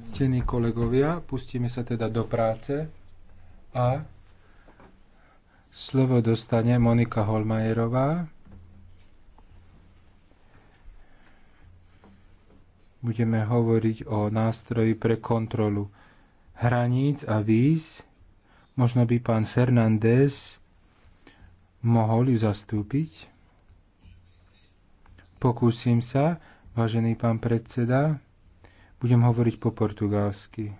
Ctení kolegovia, pustíme sa teda do práce a slovo dostane Monika Holmajerová. Budeme hovoriť o nástroji pre kontrolu hraníc a víz. Možno by pán Fernández mohol ju zastúpiť. Pokúsim sa, vážený pán predseda. Budem hovoriť po portugalsky.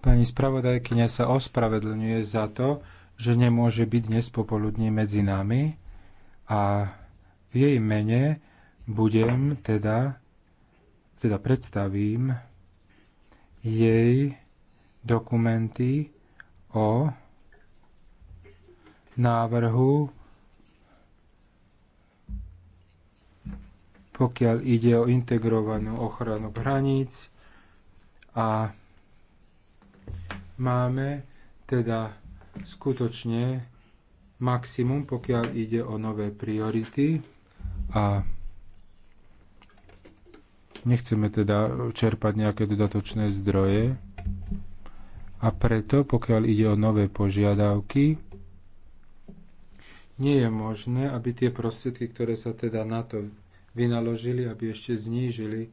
Pani spravodajkyňa sa ospravedlňuje za to, že nemôže byť dnes popoludní medzi nami a v jej mene budem teda, teda predstavím jej dokumenty o návrhu pokiaľ ide o integrovanú ochranu hraníc a máme teda skutočne maximum, pokiaľ ide o nové priority a nechceme teda čerpať nejaké dodatočné zdroje a preto, pokiaľ ide o nové požiadavky, nie je možné, aby tie prostriedky, ktoré sa teda na to vynaložili, aby ešte znížili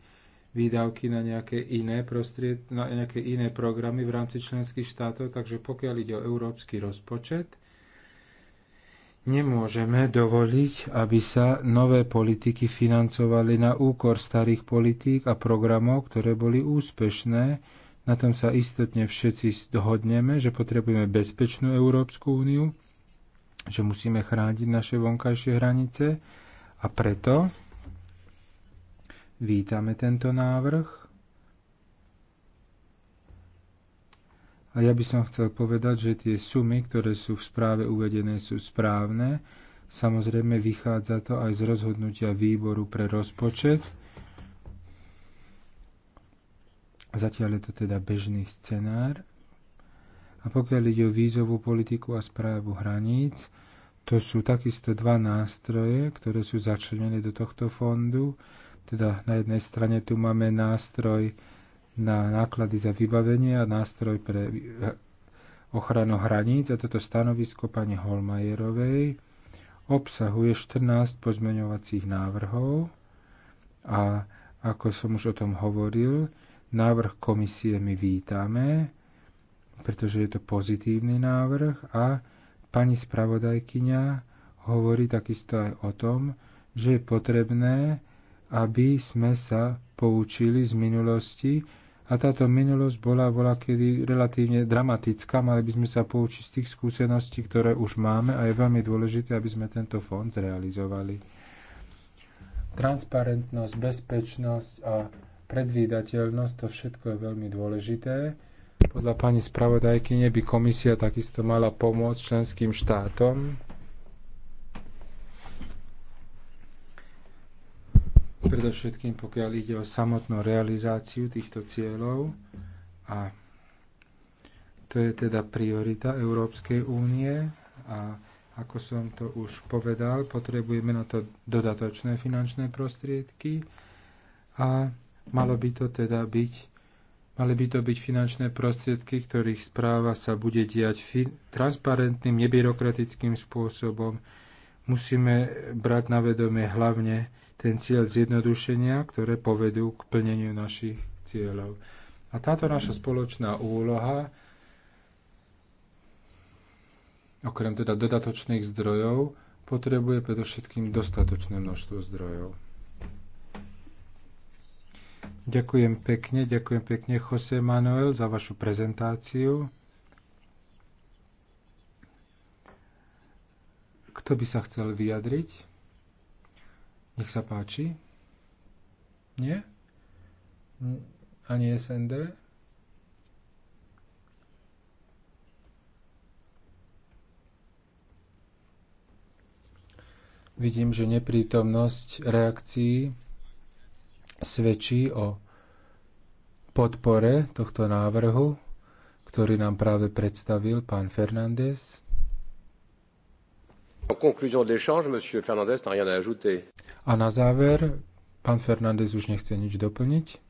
výdavky na nejaké iné prostried, na nejaké iné programy v rámci členských štátov, takže pokiaľ ide o európsky rozpočet, nemôžeme dovoliť, aby sa nové politiky financovali na úkor starých politík a programov, ktoré boli úspešné. Na tom sa istotne všetci dohodneme, že potrebujeme bezpečnú Európsku úniu, že musíme chrániť naše vonkajšie hranice a preto Vítame tento návrh. A ja by som chcel povedať, že tie sumy, ktoré sú v správe uvedené, sú správne. Samozrejme vychádza to aj z rozhodnutia výboru pre rozpočet. Zatiaľ je to teda bežný scenár. A pokiaľ ide o vízovú politiku a správu hraníc, to sú takisto dva nástroje, ktoré sú začlenené do tohto fondu. Teda na jednej strane tu máme nástroj na náklady za vybavenie a nástroj pre eh, ochranu hraníc a toto stanovisko pani Holmajerovej obsahuje 14 pozmeňovacích návrhov a ako som už o tom hovoril, návrh komisie my vítame, pretože je to pozitívny návrh a pani spravodajkyňa hovorí takisto aj o tom, že je potrebné aby sme sa poučili z minulosti. A táto minulosť bola, bola kedy relatívne dramatická, mali by sme sa poučiť z tých skúseností, ktoré už máme a je veľmi dôležité, aby sme tento fond zrealizovali. Transparentnosť, bezpečnosť a predvídateľnosť, to všetko je veľmi dôležité. Podľa pani spravodajky by komisia takisto mala pomôcť členským štátom predovšetkým pokiaľ ide o samotnú realizáciu týchto cieľov a to je teda priorita Európskej únie a ako som to už povedal, potrebujeme na to dodatočné finančné prostriedky a malo by to teda byť Mali by to byť finančné prostriedky, ktorých správa sa bude diať transparentným, nebyrokratickým spôsobom. Musíme brať na vedomie hlavne ten cieľ zjednodušenia, ktoré povedú k plneniu našich cieľov. A táto naša spoločná úloha, okrem teda dodatočných zdrojov, potrebuje predovšetkým dostatočné množstvo zdrojov. Ďakujem pekne, ďakujem pekne Jose Manuel za vašu prezentáciu. Kto by sa chcel vyjadriť? Nech sa páči. Nie? Ani SND? Vidím, že neprítomnosť reakcií svedčí o podpore tohto návrhu, ktorý nám práve predstavil pán Fernández. En conclusion de l'échange, M. Fernandez n'a rien à ajouter. A na záver, pán Fernández už nechce nič doplniť.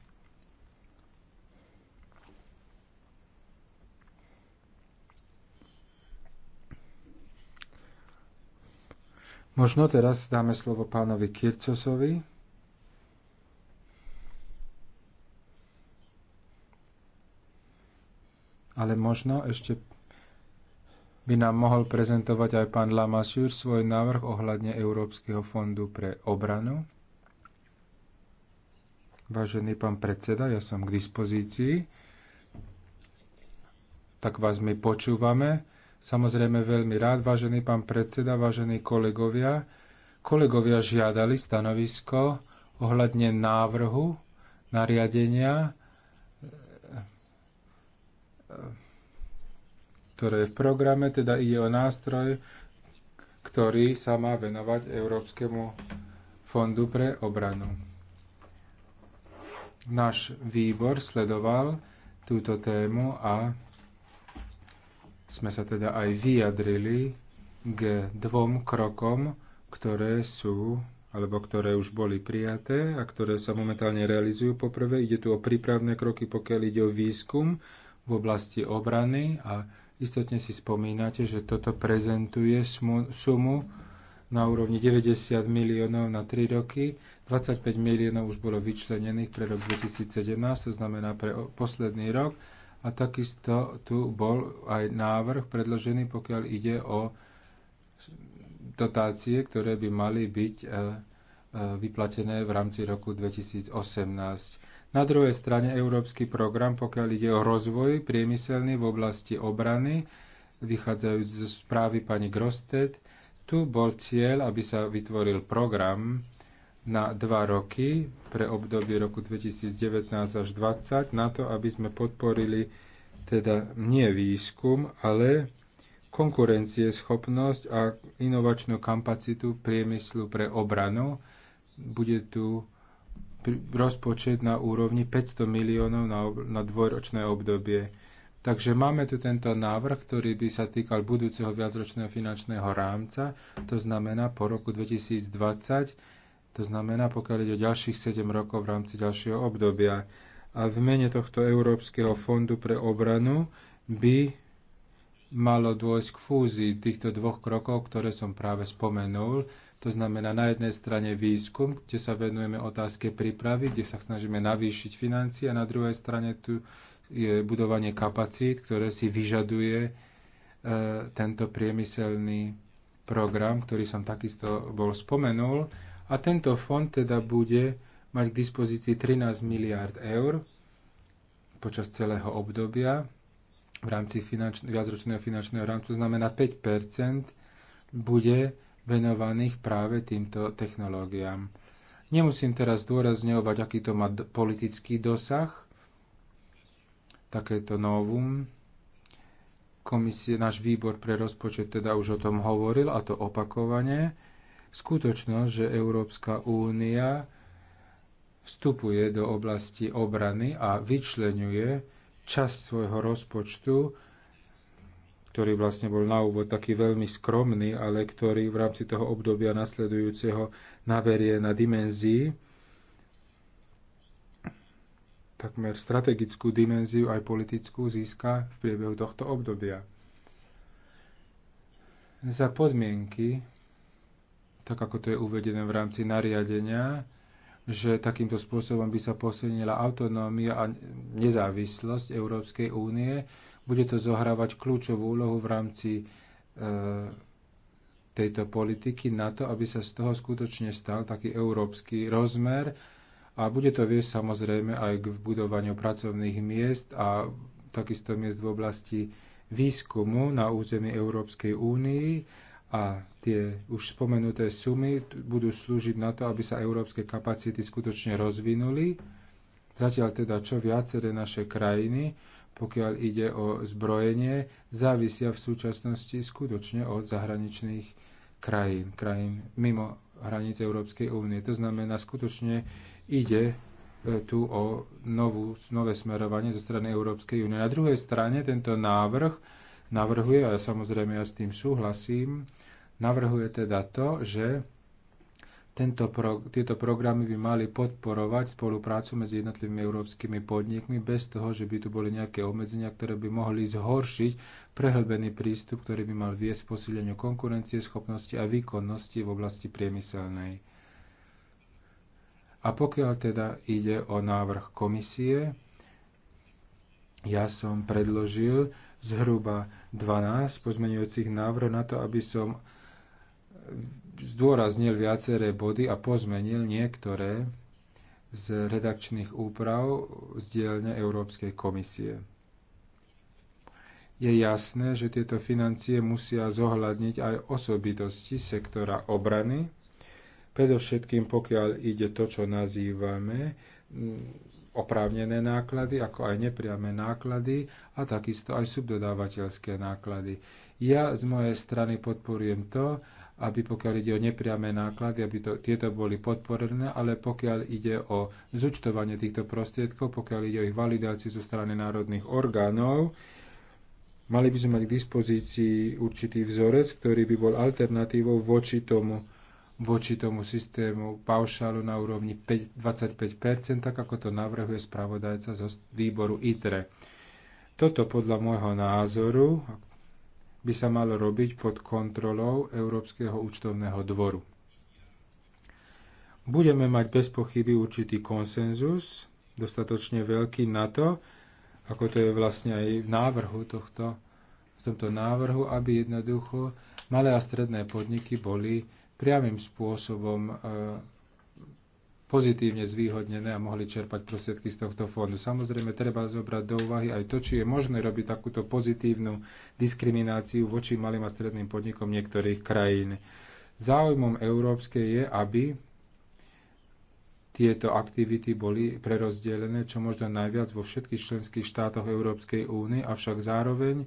Možno teraz dáme slovo pánovi Kircosovi. Ale možno ešte by nám mohol prezentovať aj pán Lamassur svoj návrh ohľadne Európskeho fondu pre obranu. Vážený pán predseda, ja som k dispozícii. Tak vás my počúvame. Samozrejme veľmi rád, vážený pán predseda, vážení kolegovia. Kolegovia žiadali stanovisko ohľadne návrhu nariadenia ktoré je v programe, teda ide o nástroj, ktorý sa má venovať Európskemu fondu pre obranu. Náš výbor sledoval túto tému a sme sa teda aj vyjadrili k dvom krokom, ktoré sú alebo ktoré už boli prijaté a ktoré sa momentálne realizujú. Poprvé ide tu o prípravné kroky, pokiaľ ide o výskum v oblasti obrany a Istotne si spomínate, že toto prezentuje sumu, na úrovni 90 miliónov na 3 roky. 25 miliónov už bolo vyčlenených pre rok 2017, to znamená pre posledný rok. A takisto tu bol aj návrh predložený, pokiaľ ide o dotácie, ktoré by mali byť e, e, vyplatené v rámci roku 2018 na druhej strane európsky program, pokiaľ ide o rozvoj priemyselný v oblasti obrany, vychádzajúc z správy pani Grosted, tu bol cieľ, aby sa vytvoril program na dva roky pre obdobie roku 2019 až 2020 na to, aby sme podporili teda nie výskum, ale konkurencieschopnosť a inovačnú kapacitu priemyslu pre obranu. Bude tu rozpočet na úrovni 500 miliónov na, na dvojročné obdobie. Takže máme tu tento návrh, ktorý by sa týkal budúceho viacročného finančného rámca, to znamená po roku 2020, to znamená pokiaľ ide o ďalších 7 rokov v rámci ďalšieho obdobia. A v mene tohto Európskeho fondu pre obranu by malo dôjsť k fúzii týchto dvoch krokov, ktoré som práve spomenul, to znamená na jednej strane výskum, kde sa venujeme otázke prípravy, kde sa snažíme navýšiť financie a na druhej strane tu je budovanie kapacít, ktoré si vyžaduje e, tento priemyselný program, ktorý som takisto bol spomenul. A tento fond teda bude mať k dispozícii 13 miliard eur počas celého obdobia v rámci finanč- viacročného finančného rámcu, to znamená 5 bude venovaných práve týmto technológiám. Nemusím teraz dôrazňovať, aký to má politický dosah, takéto novum. Komisie, náš výbor pre rozpočet teda už o tom hovoril, a to opakovane. Skutočnosť, že Európska únia vstupuje do oblasti obrany a vyčlenuje časť svojho rozpočtu ktorý vlastne bol na úvod taký veľmi skromný, ale ktorý v rámci toho obdobia nasledujúceho naberie na dimenzii, takmer strategickú dimenziu aj politickú získa v priebehu tohto obdobia. Za podmienky, tak ako to je uvedené v rámci nariadenia, že takýmto spôsobom by sa posilnila autonómia a nezávislosť Európskej únie, bude to zohrávať kľúčovú úlohu v rámci e, tejto politiky na to, aby sa z toho skutočne stal taký európsky rozmer a bude to viesť samozrejme aj k budovaniu pracovných miest a takisto miest v oblasti výskumu na území Európskej únii a tie už spomenuté sumy budú slúžiť na to, aby sa európske kapacity skutočne rozvinuli. Zatiaľ teda čo viaceré naše krajiny pokiaľ ide o zbrojenie, závisia v súčasnosti skutočne od zahraničných krajín, krajín mimo hranice Európskej únie. To znamená, skutočne ide e, tu o novú, nové smerovanie zo strany Európskej únie. Na druhej strane tento návrh navrhuje, a samozrejme ja s tým súhlasím, navrhuje teda to, že tento pro, tieto programy by mali podporovať spoluprácu medzi jednotlivými európskymi podnikmi bez toho, že by tu boli nejaké obmedzenia, ktoré by mohli zhoršiť prehlbený prístup, ktorý by mal viesť posíleniu konkurencie, schopnosti a výkonnosti v oblasti priemyselnej. A pokiaľ teda ide o návrh komisie, ja som predložil zhruba 12 pozmeňujúcich návrhov na to, aby som zdôraznil viaceré body a pozmenil niektoré z redakčných úprav z dielne Európskej komisie. Je jasné, že tieto financie musia zohľadniť aj osobitosti sektora obrany, predovšetkým pokiaľ ide to, čo nazývame mm, oprávnené náklady, ako aj nepriame náklady a takisto aj subdodávateľské náklady. Ja z mojej strany podporujem to, aby pokiaľ ide o nepriame náklady, aby to, tieto boli podporené, ale pokiaľ ide o zúčtovanie týchto prostriedkov, pokiaľ ide o ich validáciu zo strany národných orgánov, mali by sme mať k dispozícii určitý vzorec, ktorý by bol alternatívou voči tomu, voči tomu systému paušálu na úrovni 5, 25%, tak ako to navrhuje spravodajca zo výboru ITRE. Toto podľa môjho názoru, ak by sa mal robiť pod kontrolou Európskeho účtovného dvoru. Budeme mať bez pochyby určitý konsenzus, dostatočne veľký na to, ako to je vlastne aj v návrhu tohto, v tomto návrhu, aby jednoducho malé a stredné podniky boli priamým spôsobom e, pozitívne zvýhodnené a mohli čerpať prostriedky z tohto fondu. Samozrejme, treba zobrať do úvahy aj to, či je možné robiť takúto pozitívnu diskrimináciu voči malým a stredným podnikom niektorých krajín. Záujmom európskej je, aby tieto aktivity boli prerozdelené čo možno najviac vo všetkých členských štátoch Európskej únie, avšak zároveň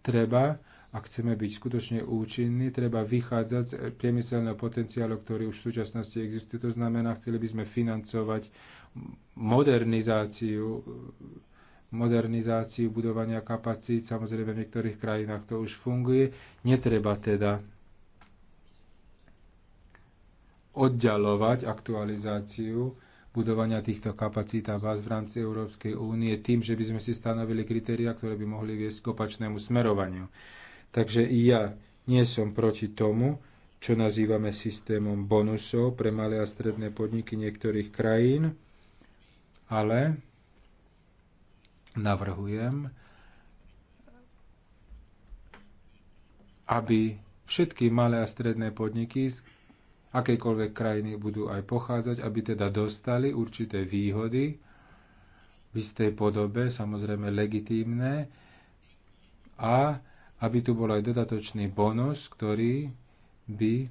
treba ak chceme byť skutočne účinní, treba vychádzať z priemyselného potenciálu, ktorý už v súčasnosti existuje. To znamená, chceli by sme financovať modernizáciu modernizáciu budovania kapacít. Samozrejme, v niektorých krajinách to už funguje. Netreba teda oddialovať aktualizáciu budovania týchto kapacít a vás v rámci Európskej únie tým, že by sme si stanovili kritéria, ktoré by mohli viesť k opačnému smerovaniu. Takže i ja nie som proti tomu, čo nazývame systémom bonusov pre malé a stredné podniky niektorých krajín, ale navrhujem, aby všetky malé a stredné podniky z akejkoľvek krajiny budú aj pochádzať, aby teda dostali určité výhody v istej podobe, samozrejme legitímne, a aby tu bol aj dodatočný bonus, ktorý by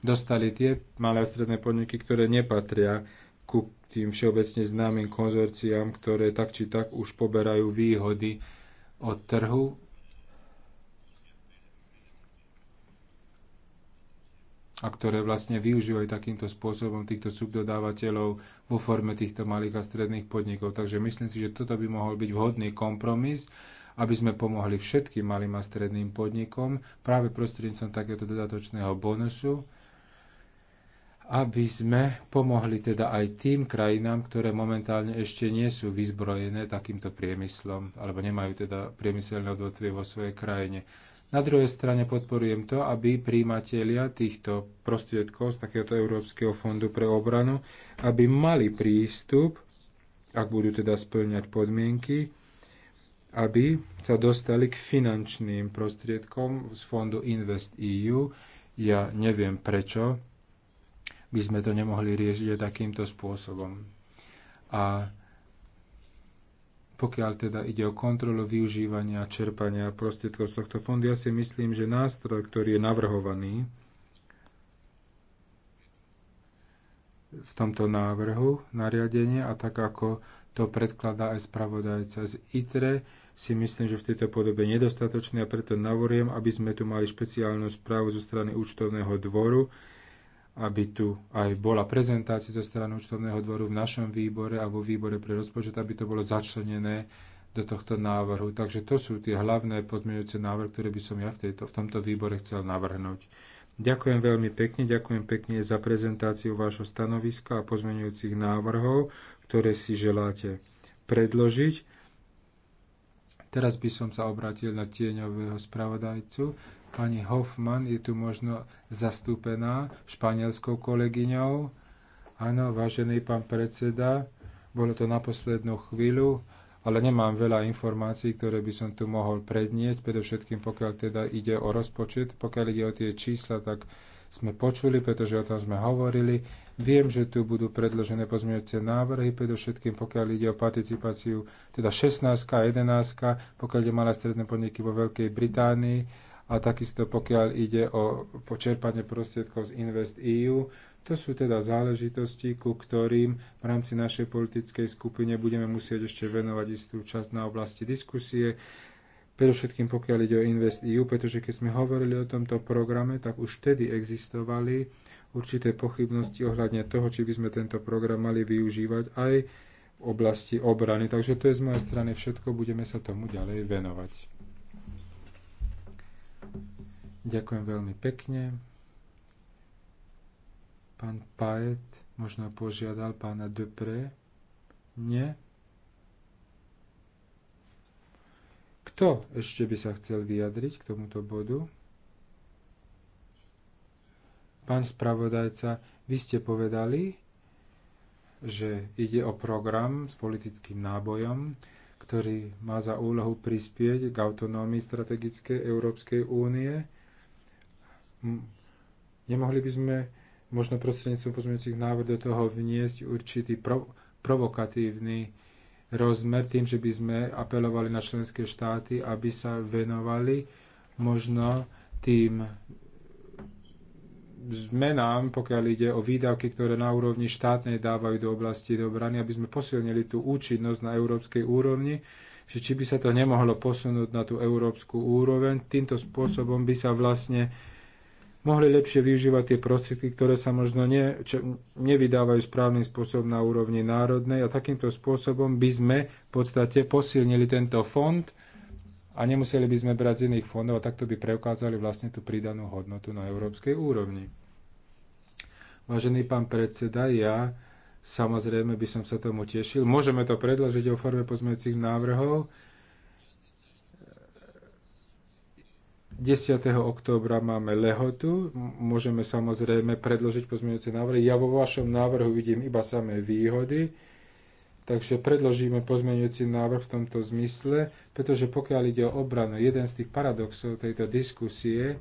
dostali tie malé a stredné podniky, ktoré nepatria ku tým všeobecne známym konzorciám, ktoré tak či tak už poberajú výhody od trhu a ktoré vlastne využívajú takýmto spôsobom týchto subdodávateľov vo forme týchto malých a stredných podnikov. Takže myslím si, že toto by mohol byť vhodný kompromis, aby sme pomohli všetkým malým a stredným podnikom práve prostredníctvom takéto dodatočného bonusu, aby sme pomohli teda aj tým krajinám, ktoré momentálne ešte nie sú vyzbrojené takýmto priemyslom alebo nemajú teda priemyselné odvetvie vo svojej krajine. Na druhej strane podporujem to, aby príjimatelia týchto prostriedkov z takéhoto Európskeho fondu pre obranu, aby mali prístup, ak budú teda splňať podmienky, aby sa dostali k finančným prostriedkom z fondu Invest EU. Ja neviem prečo by sme to nemohli riešiť takýmto spôsobom. A pokiaľ teda ide o kontrolu využívania a čerpania prostriedkov z tohto fondu, ja si myslím, že nástroj, ktorý je navrhovaný v tomto návrhu nariadenia a tak ako to predkladá aj spravodajca z ITRE, si myslím, že v tejto podobe je nedostatočný a preto navoriem, aby sme tu mali špeciálnu správu zo strany účtovného dvoru, aby tu aj bola prezentácia zo strany účtovného dvoru v našom výbore a vo výbore pre rozpočet, aby to bolo začlenené do tohto návrhu. Takže to sú tie hlavné podmienujúce návrhy, ktoré by som ja v, tejto, v tomto výbore chcel navrhnúť. Ďakujem veľmi pekne, ďakujem pekne za prezentáciu vášho stanoviska a pozmenujúcich návrhov, ktoré si želáte predložiť. Teraz by som sa obrátil na tieňového spravodajcu, Pani Hoffman je tu možno zastúpená španielskou kolegyňou. Áno, vážený pán predseda, bolo to na poslednú chvíľu, ale nemám veľa informácií, ktoré by som tu mohol prednieť, predovšetkým pokiaľ teda ide o rozpočet, pokiaľ ide o tie čísla, tak sme počuli, pretože o tom sme hovorili. Viem, že tu budú predložené pozmeňujúce návrhy, predovšetkým pokiaľ ide o participáciu, teda 16 a 11, pokiaľ ide malé stredné podniky vo Veľkej Británii a takisto pokiaľ ide o počerpanie prostriedkov z Invest EU, to sú teda záležitosti, ku ktorým v rámci našej politickej skupine budeme musieť ešte venovať istú časť na oblasti diskusie, predovšetkým pokiaľ ide o Invest EU, pretože keď sme hovorili o tomto programe, tak už vtedy existovali určité pochybnosti ohľadne toho, či by sme tento program mali využívať aj v oblasti obrany. Takže to je z mojej strany všetko, budeme sa tomu ďalej venovať. Ďakujem veľmi pekne. Pán Paet možno požiadal pána Dupré. Nie. Kto ešte by sa chcel vyjadriť k tomuto bodu? Pán spravodajca, vy ste povedali, že ide o program s politickým nábojom, ktorý má za úlohu prispieť k autonómii strategickej Európskej únie Nemohli by sme možno prostredníctvom pozmeňujúcich návrh do toho vniesť určitý prov- provokatívny rozmer tým, že by sme apelovali na členské štáty, aby sa venovali možno tým zmenám, pokiaľ ide o výdavky, ktoré na úrovni štátnej dávajú do oblasti dobrany, aby sme posilnili tú účinnosť na európskej úrovni, že či by sa to nemohlo posunúť na tú európsku úroveň. Týmto spôsobom by sa vlastne mohli lepšie využívať tie prostriedky, ktoré sa možno ne, čo, nevydávajú správnym spôsobom na úrovni národnej a takýmto spôsobom by sme v podstate posilnili tento fond a nemuseli by sme brať z iných fondov a takto by preukázali vlastne tú pridanú hodnotu na európskej úrovni. Vážený pán predseda, ja samozrejme by som sa tomu tešil. Môžeme to predložiť o forme pozmeňujúcich návrhov 10. októbra máme lehotu, môžeme samozrejme predložiť pozmeňujúce návrhy. Ja vo vašom návrhu vidím iba samé výhody, takže predložíme pozmeňujúci návrh v tomto zmysle, pretože pokiaľ ide o obranu, jeden z tých paradoxov tejto diskusie,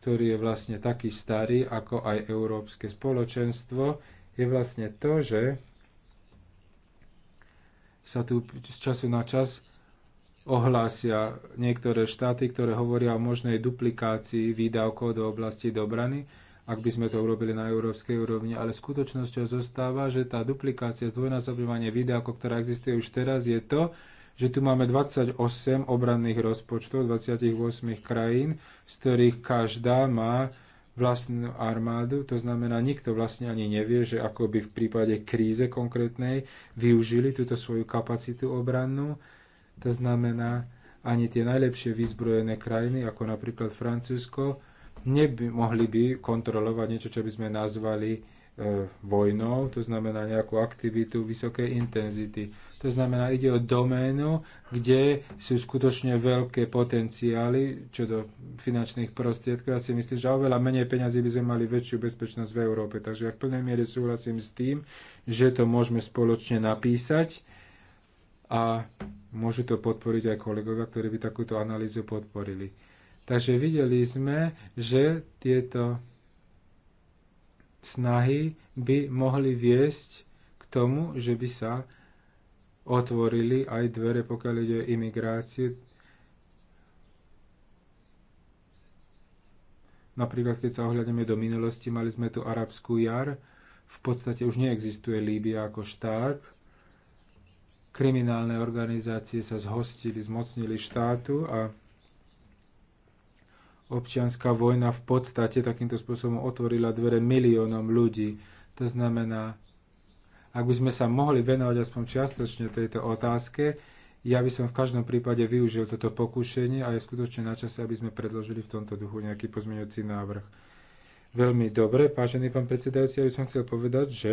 ktorý je vlastne taký starý ako aj európske spoločenstvo, je vlastne to, že sa tu z času na čas ohlásia niektoré štáty, ktoré hovoria o možnej duplikácii výdavkov do oblasti dobrany, ak by sme to urobili na európskej úrovni, ale skutočnosťou zostáva, že tá duplikácia, zdvojnásobňovanie výdavkov, ktorá existuje už teraz, je to, že tu máme 28 obranných rozpočtov 28 krajín, z ktorých každá má vlastnú armádu, to znamená, nikto vlastne ani nevie, že ako by v prípade kríze konkrétnej využili túto svoju kapacitu obrannú to znamená, ani tie najlepšie vyzbrojené krajiny, ako napríklad Francúzsko, neby, mohli by kontrolovať niečo, čo by sme nazvali e, vojnou, to znamená nejakú aktivitu vysokej intenzity. To znamená, ide o doménu, kde sú skutočne veľké potenciály čo do finančných prostriedkov. Ja si myslím, že oveľa menej peňazí by sme mali väčšiu bezpečnosť v Európe. Takže ja v plnej miere súhlasím s tým, že to môžeme spoločne napísať a môžu to podporiť aj kolegovia, ktorí by takúto analýzu podporili. Takže videli sme, že tieto snahy by mohli viesť k tomu, že by sa otvorili aj dvere, pokiaľ ide o imigráciu, Napríklad, keď sa ohľadneme do minulosti, mali sme tu arabskú jar, v podstate už neexistuje Líbia ako štát, kriminálne organizácie sa zhostili, zmocnili štátu a občianská vojna v podstate takýmto spôsobom otvorila dvere miliónom ľudí. To znamená, ak by sme sa mohli venovať aspoň čiastočne tejto otázke, ja by som v každom prípade využil toto pokušenie a je skutočne na čase, aby sme predložili v tomto duchu nejaký pozmeňujúci návrh. Veľmi dobre, vážený pán predsedajúci, ja by som chcel povedať, že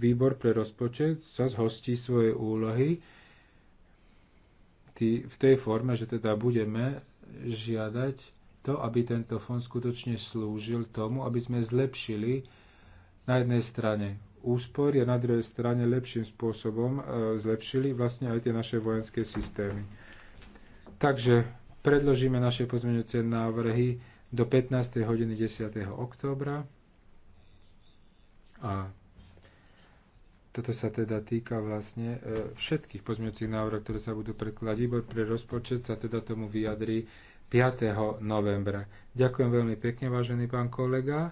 výbor pre rozpočet sa zhostí svoje úlohy tý, v tej forme, že teda budeme žiadať to, aby tento fond skutočne slúžil tomu, aby sme zlepšili na jednej strane úspory a na druhej strane lepším spôsobom e, zlepšili vlastne aj tie naše vojenské systémy. Takže predložíme naše pozmeňujúce návrhy do 15. hodiny 10. októbra. A toto sa teda týka vlastne e, všetkých pozmeňujúcich návrhov, ktoré sa budú prekladať. Výbor pre rozpočet sa teda tomu vyjadrí 5. novembra. Ďakujem veľmi pekne, vážený pán kolega,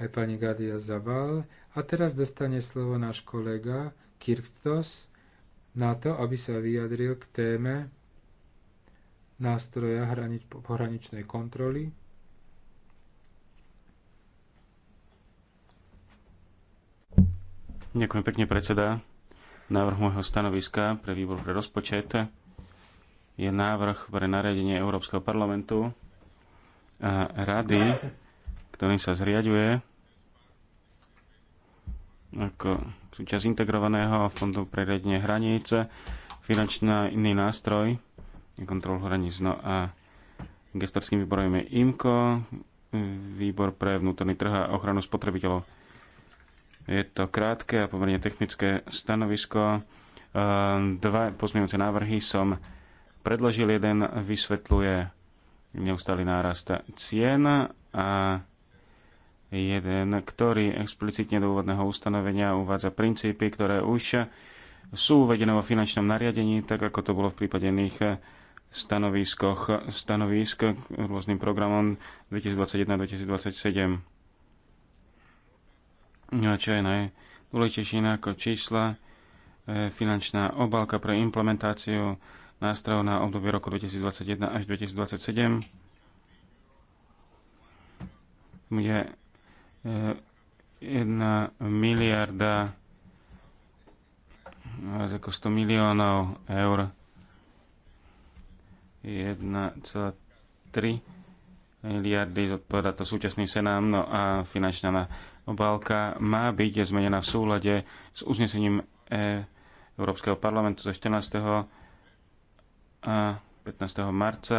aj pani Gadia Zaval. A teraz dostane slovo náš kolega Kirktos na to, aby sa vyjadril k téme nástroja hranič, pohraničnej kontroly. Ďakujem pekne, predseda. Návrh môjho stanoviska pre výbor pre rozpočet je návrh pre nariadenie Európskeho parlamentu a rady, ktorým sa zriaďuje ako súčasť integrovaného fondu pre riadenie hraníc, finančná iný nástroj, kontrol hraníc. No a gestorským výborom je IMCO, výbor pre vnútorný trh a ochranu spotrebiteľov. Je to krátke a pomerne technické stanovisko. E, dva pozmeňujúce návrhy som predložil. Jeden vysvetľuje neustály nárast cien a jeden, ktorý explicitne do úvodného ustanovenia uvádza princípy, ktoré už sú uvedené vo finančnom nariadení, tak ako to bolo v prípade iných stanoviskoch, stanovisk rôznym programom 2021-2027. No čo je najdôležitejšie no ako čísla, e, finančná obálka pre implementáciu nástrojov na obdobie roku 2021 až 2027 bude 1 e, miliarda no, viac ako 100 miliónov eur 1,3 miliardy zodpovedá to súčasný senám no a finančná obálka má byť zmenená v súlade s uznesením e, Európskeho parlamentu zo 14. a 15. marca,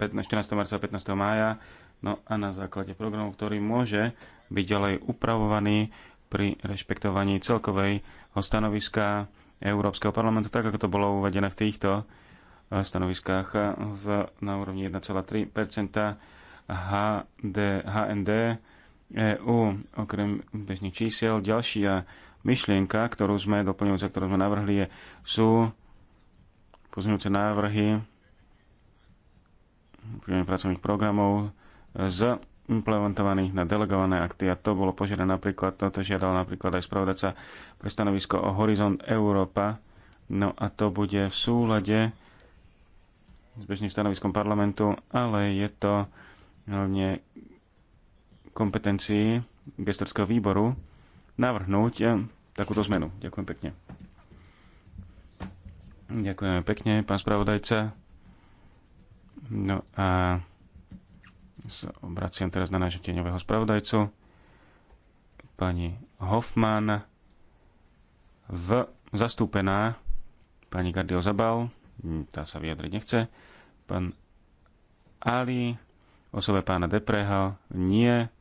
14. E, marca a 15. mája, no a na základe programu, ktorý môže byť ďalej upravovaný pri rešpektovaní celkovej stanoviska Európskeho parlamentu, tak ako to bolo uvedené v týchto e, stanoviskách v, na úrovni 1,3 HND EU. Okrem bežných čísel, ďalšia myšlienka, ktorú sme doplňujúce, ktorú sme navrhli, je, sú pozmeňujúce návrhy pracovných programov z implementovaných na delegované akty. A to bolo požiadané napríklad, toto žiadal napríklad aj spravodajca pre stanovisko o Horizont Európa. No a to bude v súlade s bežným stanoviskom parlamentu, ale je to hlavne kompetencii gestorského výboru navrhnúť eh, takúto zmenu. Ďakujem pekne. Ďakujeme pekne, pán spravodajca. No a sa obraciam teraz na nášho tieňového spravodajcu, pani Hoffman, v, zastúpená pani Gardio Zabal, hm, tá sa vyjadriť nechce, pán Ali, osobe pána Depreho, nie,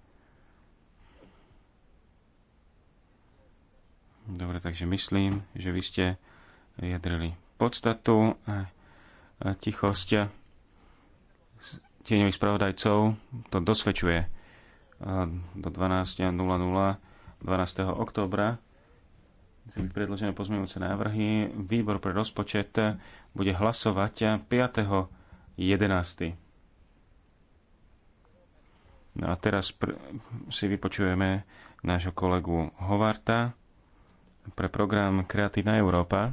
Dobre, takže myslím, že vy ste vyjadrili podstatu a tichosť tieňových spravodajcov to dosvedčuje do 12.00 12. oktobra byť predložené pozmeňujúce návrhy. Výbor pre rozpočet bude hlasovať 5.11. No a teraz si vypočujeme nášho kolegu Hovarta pre program Kreatívna Európa.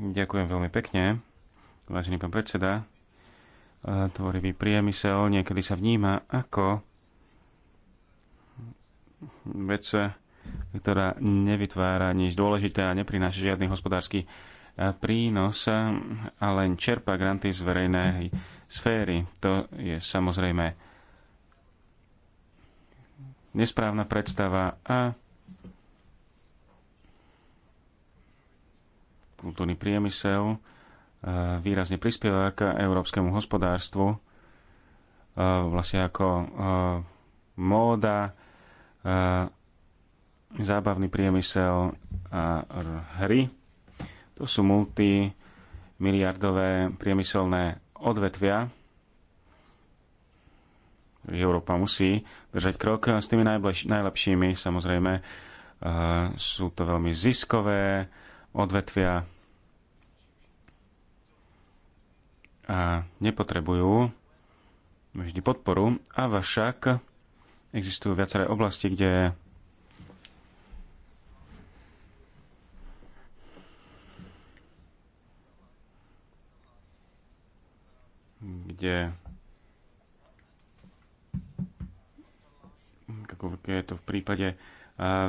Ďakujem veľmi pekne, vážený pán predseda. E, tvorivý priemysel niekedy sa vníma ako vec, ktorá nevytvára nič dôležité a neprináša žiadny hospodársky e, prínos, ale len čerpa granty z verejnej sféry. To je samozrejme nesprávna predstava a kultúrny priemysel e, výrazne prispieva k európskemu hospodárstvu, e, vlastne ako e, móda, zábavný priemysel a hry. To sú multimiliardové priemyselné odvetvia, Európa musí držať krok s tými najlepšími. Samozrejme, sú to veľmi ziskové odvetvia, a nepotrebujú vždy podporu, avšak existujú viaceré oblasti, kde kde je to v prípade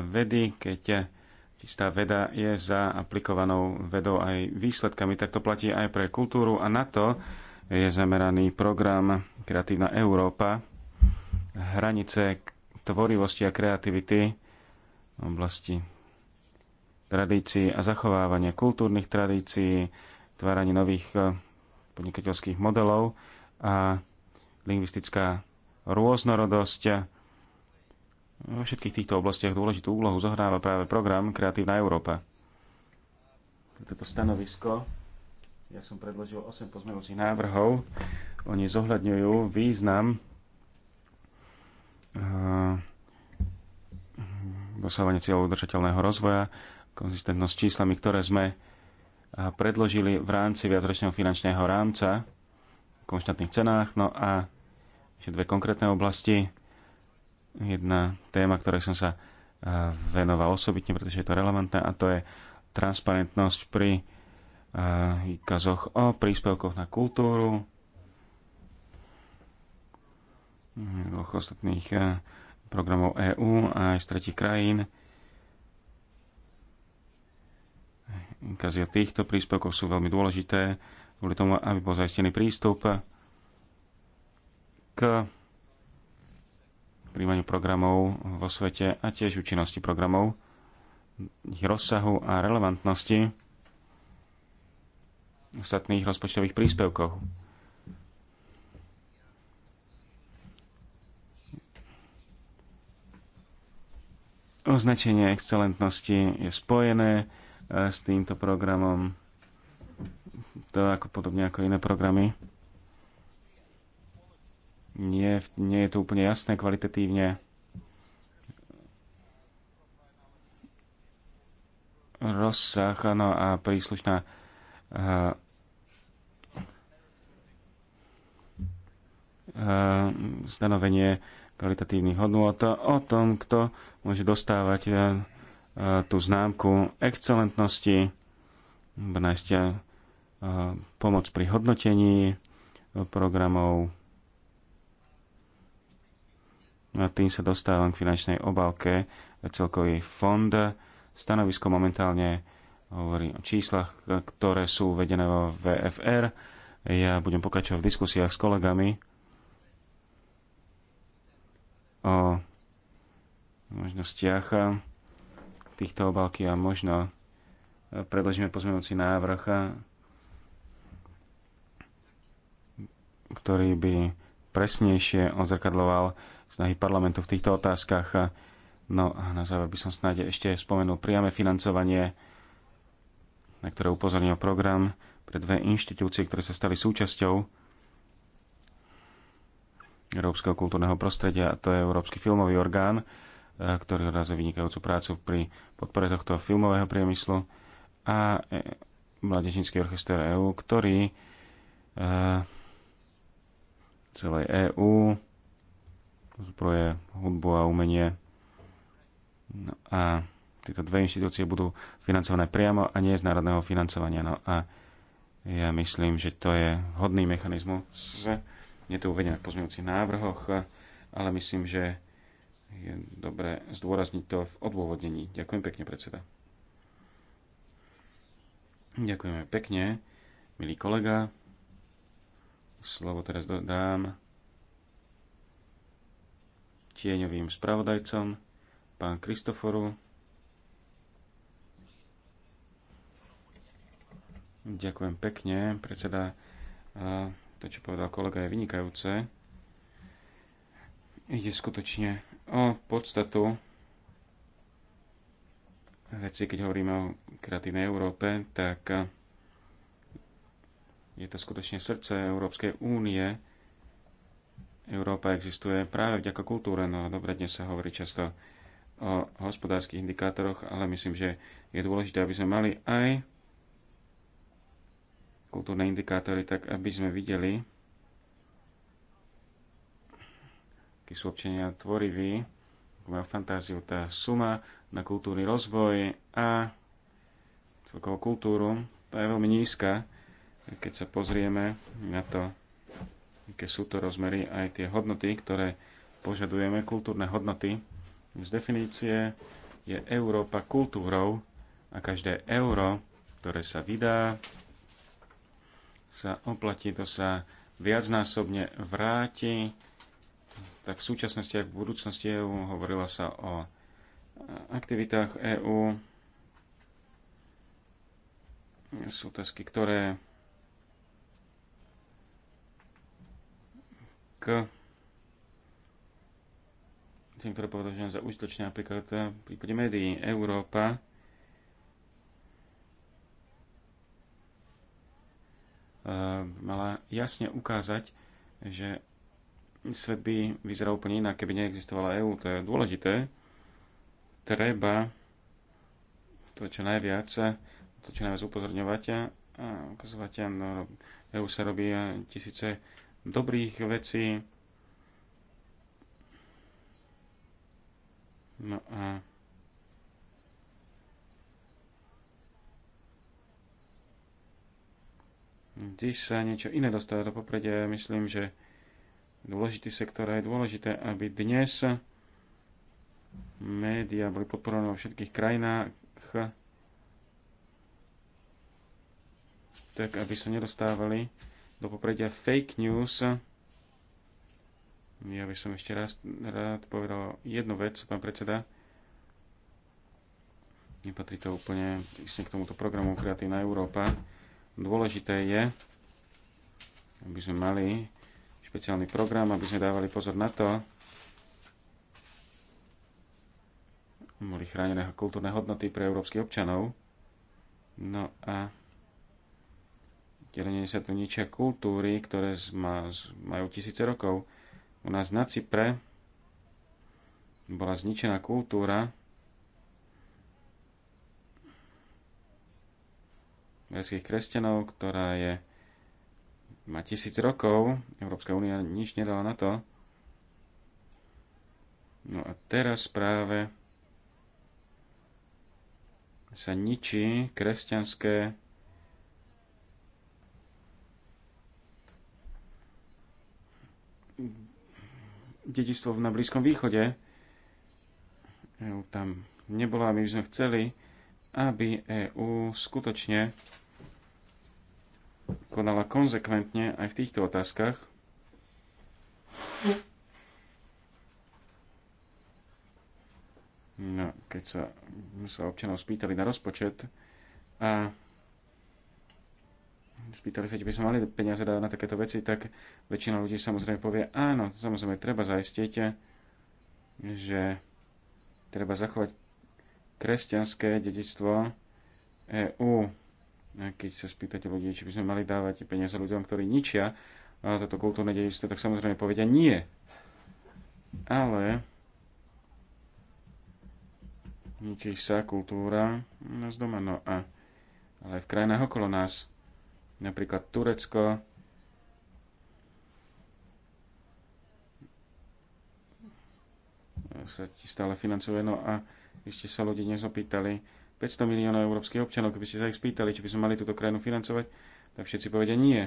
vedy, keď istá veda je za aplikovanou vedou aj výsledkami, tak to platí aj pre kultúru a na to je zameraný program Kreatívna Európa, hranice tvorivosti a kreativity v oblasti tradícií a zachovávania kultúrnych tradícií, tváranie nových eh, podnikateľských modelov a lingvistická rôznorodosť vo všetkých týchto oblastiach dôležitú úlohu zohráva práve program Kreatívna Európa. Toto stanovisko ja som predložil 8 pozmeňujúcich návrhov. Oni zohľadňujú význam eh, dosávania cieľov udržateľného rozvoja, konzistentnosť s číslami, ktoré sme eh, predložili v rámci viacročného finančného rámca v konštantných cenách. No a ešte dve konkrétne oblasti jedna téma, ktorej som sa e, venoval osobitne, pretože je to relevantné a to je transparentnosť pri e, výkazoch o príspevkoch na kultúru, dvoch ostatných e, programov EÚ a aj z tretich krajín. Inkazy týchto príspevkov sú veľmi dôležité kvôli tomu, aby bol zaistený prístup k príjmaniu programov vo svete a tiež účinnosti programov, ich rozsahu a relevantnosti ostatných rozpočtových príspevkov. Označenie excelentnosti je spojené eh, s týmto programom, to ako podobne ako iné programy nie, nie je to úplne jasné kvalitatívne. Rozsah, áno, a príslušná uh, uh, stanovenie kvalitatívnych hodnot o tom, kto môže dostávať uh, tú známku excelentnosti, nájsť pomoc pri hodnotení programov, a tým sa dostávam k finančnej obálke, celkový fond. Stanovisko momentálne hovorí o číslach, ktoré sú uvedené vo VFR. Ja budem pokračovať v diskusiách s kolegami o možnostiach týchto obálky a možno predložíme pozmeňujúci návrh, ktorý by presnejšie odzrkadloval snahy parlamentu v týchto otázkach. No a na záver by som snáď ešte spomenul priame financovanie, na ktoré upozornil program pre dve inštitúcie, ktoré sa stali súčasťou Európskeho kultúrneho prostredia, a to je Európsky filmový orgán, eh, ktorý odrazuje vynikajúcu prácu pri podpore tohto filmového priemyslu a e, Mladežnícky orchester EÚ, ktorý eh, celej EÚ zbroje, hudbu a umenie. No a tieto dve inštitúcie budú financované priamo a nie z národného financovania. No a ja myslím, že to je hodný mechanizmus. Je to uvedené v pozmeňujúcich návrhoch, ale myslím, že je dobré zdôrazniť to v odôvodnení. Ďakujem pekne, predseda. Ďakujeme pekne, milý kolega. Slovo teraz dodám tieňovým spravodajcom, pán Kristoforu. Ďakujem pekne, predseda. To, čo povedal kolega, je vynikajúce. Ide skutočne o podstatu veci, keď hovoríme o kreatívnej Európe, tak je to skutočne srdce Európskej únie, Európa existuje práve vďaka kultúre. No dobre, dnes sa hovorí často o hospodárskych indikátoroch, ale myslím, že je dôležité, aby sme mali aj kultúrne indikátory, tak aby sme videli, akí sú občania tvoriví, majú fantáziu, tá suma na kultúrny rozvoj a celkovú kultúru, tá je veľmi nízka, keď sa pozrieme na to, aké sú to rozmery, aj tie hodnoty, ktoré požadujeme, kultúrne hodnoty. Z definície je Európa kultúrou a každé euro, ktoré sa vydá, sa oplatí, to sa viacnásobne vráti. Tak v súčasnosti aj v budúcnosti EU hovorila sa o aktivitách EÚ. Sú otázky, ktoré tak tým, ktoré považujem za užitočné, napríklad v prípade médií Európa eh, mala jasne ukázať, že svet by vyzeral úplne inak, keby neexistovala EÚ. To je dôležité. Treba to čo najviac, to čo najviac upozorňovať a ukazovať. No, EÚ sa robí tisíce dobrých vecí. No a Když sa niečo iné dostáva do popredia. Ja myslím, že dôležitý sektor je dôležité, aby dnes médiá boli podporované vo všetkých krajinách, tak aby sa nedostávali do popredia fake news. Ja by som ešte raz rád povedal jednu vec, pán predseda. Nepatrí to úplne k tomuto programu Kreatívna Európa. Dôležité je, aby sme mali špeciálny program, aby sme dávali pozor na to, boli chránené kultúrne hodnoty pre európskych občanov. No a Delenie sa tu ničia kultúry, ktoré majú tisíce rokov. U nás na Cypre bola zničená kultúra verských kresťanov, ktorá je má tisíc rokov. Európska únia nič nedala na to. No a teraz práve sa ničí kresťanské dedičstvo na Blízkom východe. EU tam nebola my by sme chceli, aby EU skutočne konala konzekventne aj v týchto otázkach. No, keď sa, sa občanov spýtali na rozpočet a spýtali sa, či by sme mali peniaze dať na takéto veci, tak väčšina ľudí samozrejme povie, áno, samozrejme treba zaistiť, že treba zachovať kresťanské dedičstvo EU. Keď sa spýtate ľudí, či by sme mali dávať peniaze ľuďom, ktorí ničia toto kultúrne dedičstvo, tak samozrejme povedia nie. Ale ničí sa kultúra nás doma, no a ale aj v krajinách okolo nás Napríklad Turecko sa ti stále financuje. No a ešte sa ľudí nezopýtali. 500 miliónov európskych občanov, keby ste sa ich spýtali, či by sme mali túto krajinu financovať, tak všetci povedia nie.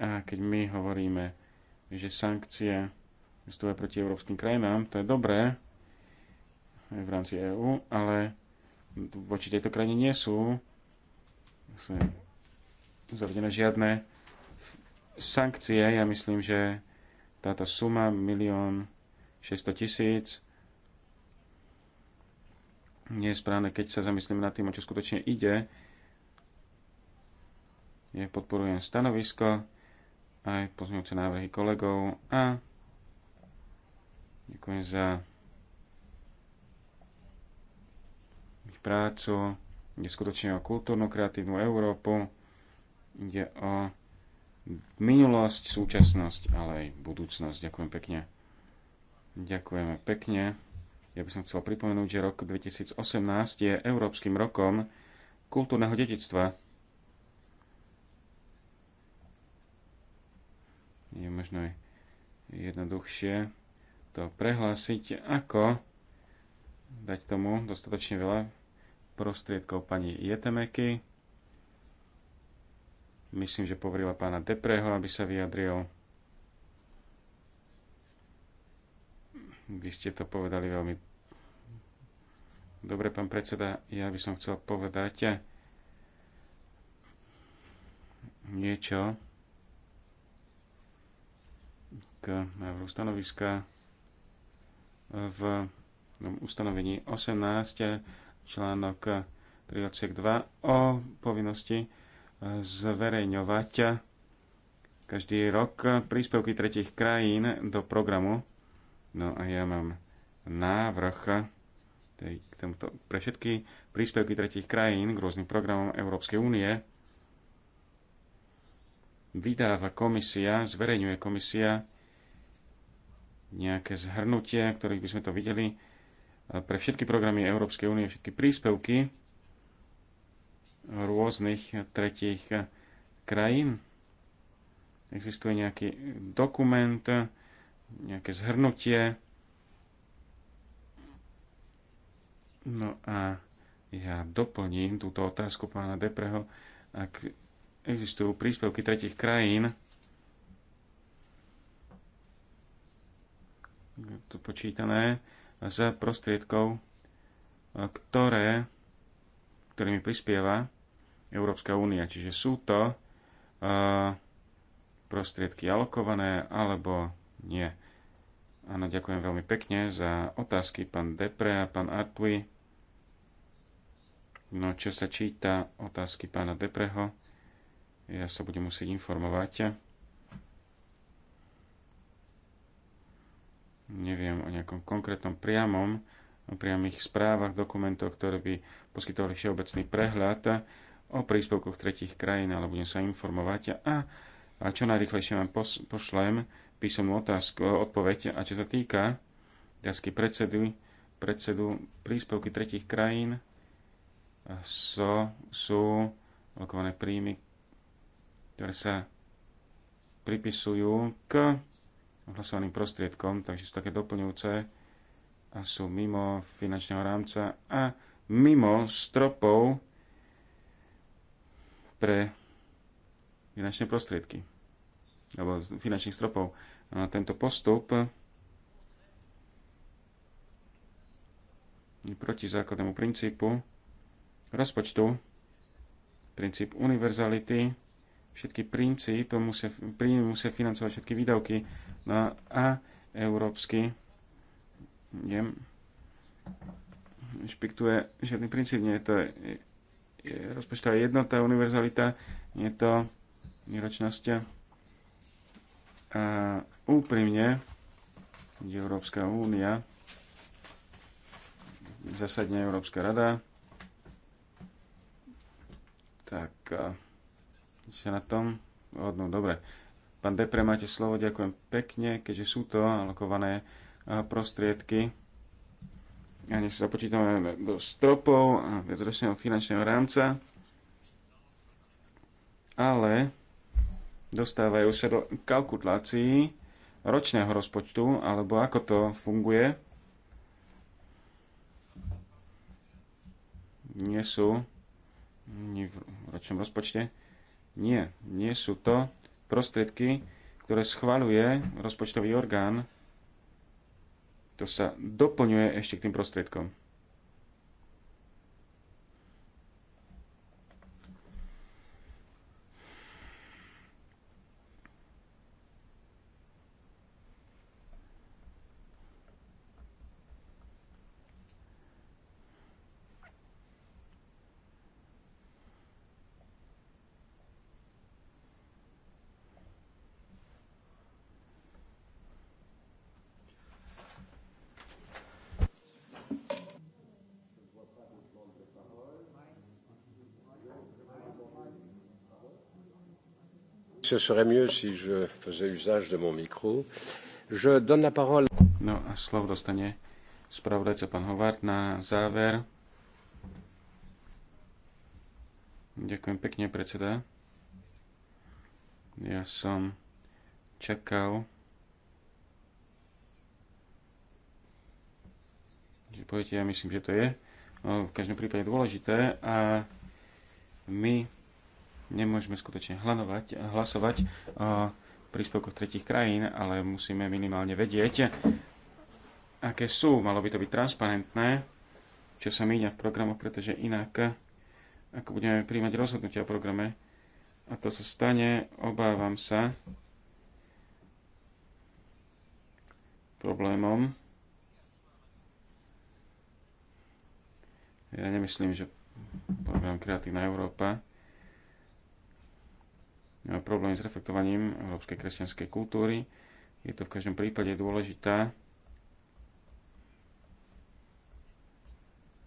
A keď my hovoríme, že sankcie vstúpia proti európskym krajinám, to je dobré v rámci EÚ, ale voči tejto krajine nie sú vlastne zavedené žiadne sankcie. Ja myslím, že táto suma milión 600 tisíc nie je správne, keď sa zamyslím nad tým, o čo skutočne ide. Je podporujem stanovisko, aj pozmeňujúce návrhy kolegov a ďakujem za ich prácu. Ide skutočne o kultúrnu, kreatívnu Európu. Ide o minulosť, súčasnosť, ale aj budúcnosť. Ďakujem pekne. Ďakujeme pekne. Ja by som chcel pripomenúť, že rok 2018 je Európskym rokom kultúrneho dedictva. Je možno aj jednoduchšie to prehlásiť, ako dať tomu dostatočne veľa prostriedkov pani Jetemeky. Myslím, že poverila pána Depreho, aby sa vyjadril. Vy ste to povedali veľmi dobre, pán predseda. Ja by som chcel povedať niečo k návrhu stanoviska v ustanovení 18 článok 32 o povinnosti zverejňovať každý rok príspevky tretich krajín do programu. No a ja mám návrh tej, k tomuto, pre všetky príspevky tretich krajín k rôznym programom Európskej únie. Vydáva komisia, zverejňuje komisia nejaké zhrnutie, ktorých by sme to videli pre všetky programy Európskej únie, všetky príspevky rôznych tretích krajín? Existuje nejaký dokument, nejaké zhrnutie? No a ja doplním túto otázku pána Depreho, ak existujú príspevky tretich krajín, to počítané za prostriedkov, ktoré, ktorými prispieva Európska únia. Čiže sú to eh, prostriedky alokované alebo nie. Áno, ďakujem veľmi pekne za otázky pán Depre a pán Artui. No, čo sa číta otázky pána Depreho, ja sa budem musieť informovať. Neviem o nejakom konkrétnom priamom, o priamých správach, dokumentoch, ktoré by poskytovali všeobecný prehľad o príspevkoch tretich krajín, ale budem sa informovať a, a čo najrychlejšie vám pos, pošlem písomnú otázku, odpoveď. A čo sa týka otázky predsedu, predsedu príspevky tretich krajín, so, sú lokované príjmy, ktoré sa pripisujú k hlasovaným prostriedkom, takže sú také doplňujúce a sú mimo finančného rámca a mimo stropov pre finančné prostriedky alebo finančných stropov. A tento postup je proti základnému princípu rozpočtu, princíp univerzality, všetky princíp musia, príjmy musia financovať všetky výdavky no a európsky neviem, žiadny princíp, nie, to je rozpočtová jednota, univerzalita, je to výročnosť. A úprimne, Európska únia, zasadne Európska rada, tak sa na tom hodnú. Dobre. Pán Depre, máte slovo, ďakujem pekne, keďže sú to alokované prostriedky a dnes sa započítame do stropov a viacročného finančného rámca, ale dostávajú sa do kalkulácií ročného rozpočtu, alebo ako to funguje, nie sú nie v ročnom rozpočte, nie, nie sú to prostriedky, ktoré schvaluje rozpočtový orgán to sa doplňuje ešte k tým prostriedkom. Ce serait mieux si je faisais usage de mon micro. Je donne la parole. No a slovo dostane spravodajca pán Hovard na záver. Ďakujem pekne, predseda. Ja som čakal, že poviete, ja myslím, že to je No, v každom prípade dôležité a my nemôžeme skutočne hlanovať, hlasovať o príspevkoch tretich krajín, ale musíme minimálne vedieť, aké sú. Malo by to byť transparentné, čo sa míňa v programoch, pretože inak, ako budeme príjmať rozhodnutia o programe, a to sa stane, obávam sa, problémom. Ja nemyslím, že program Kreatívna Európa problém s reflektovaním európskej kresťanskej kultúry. Je to v každom prípade dôležitá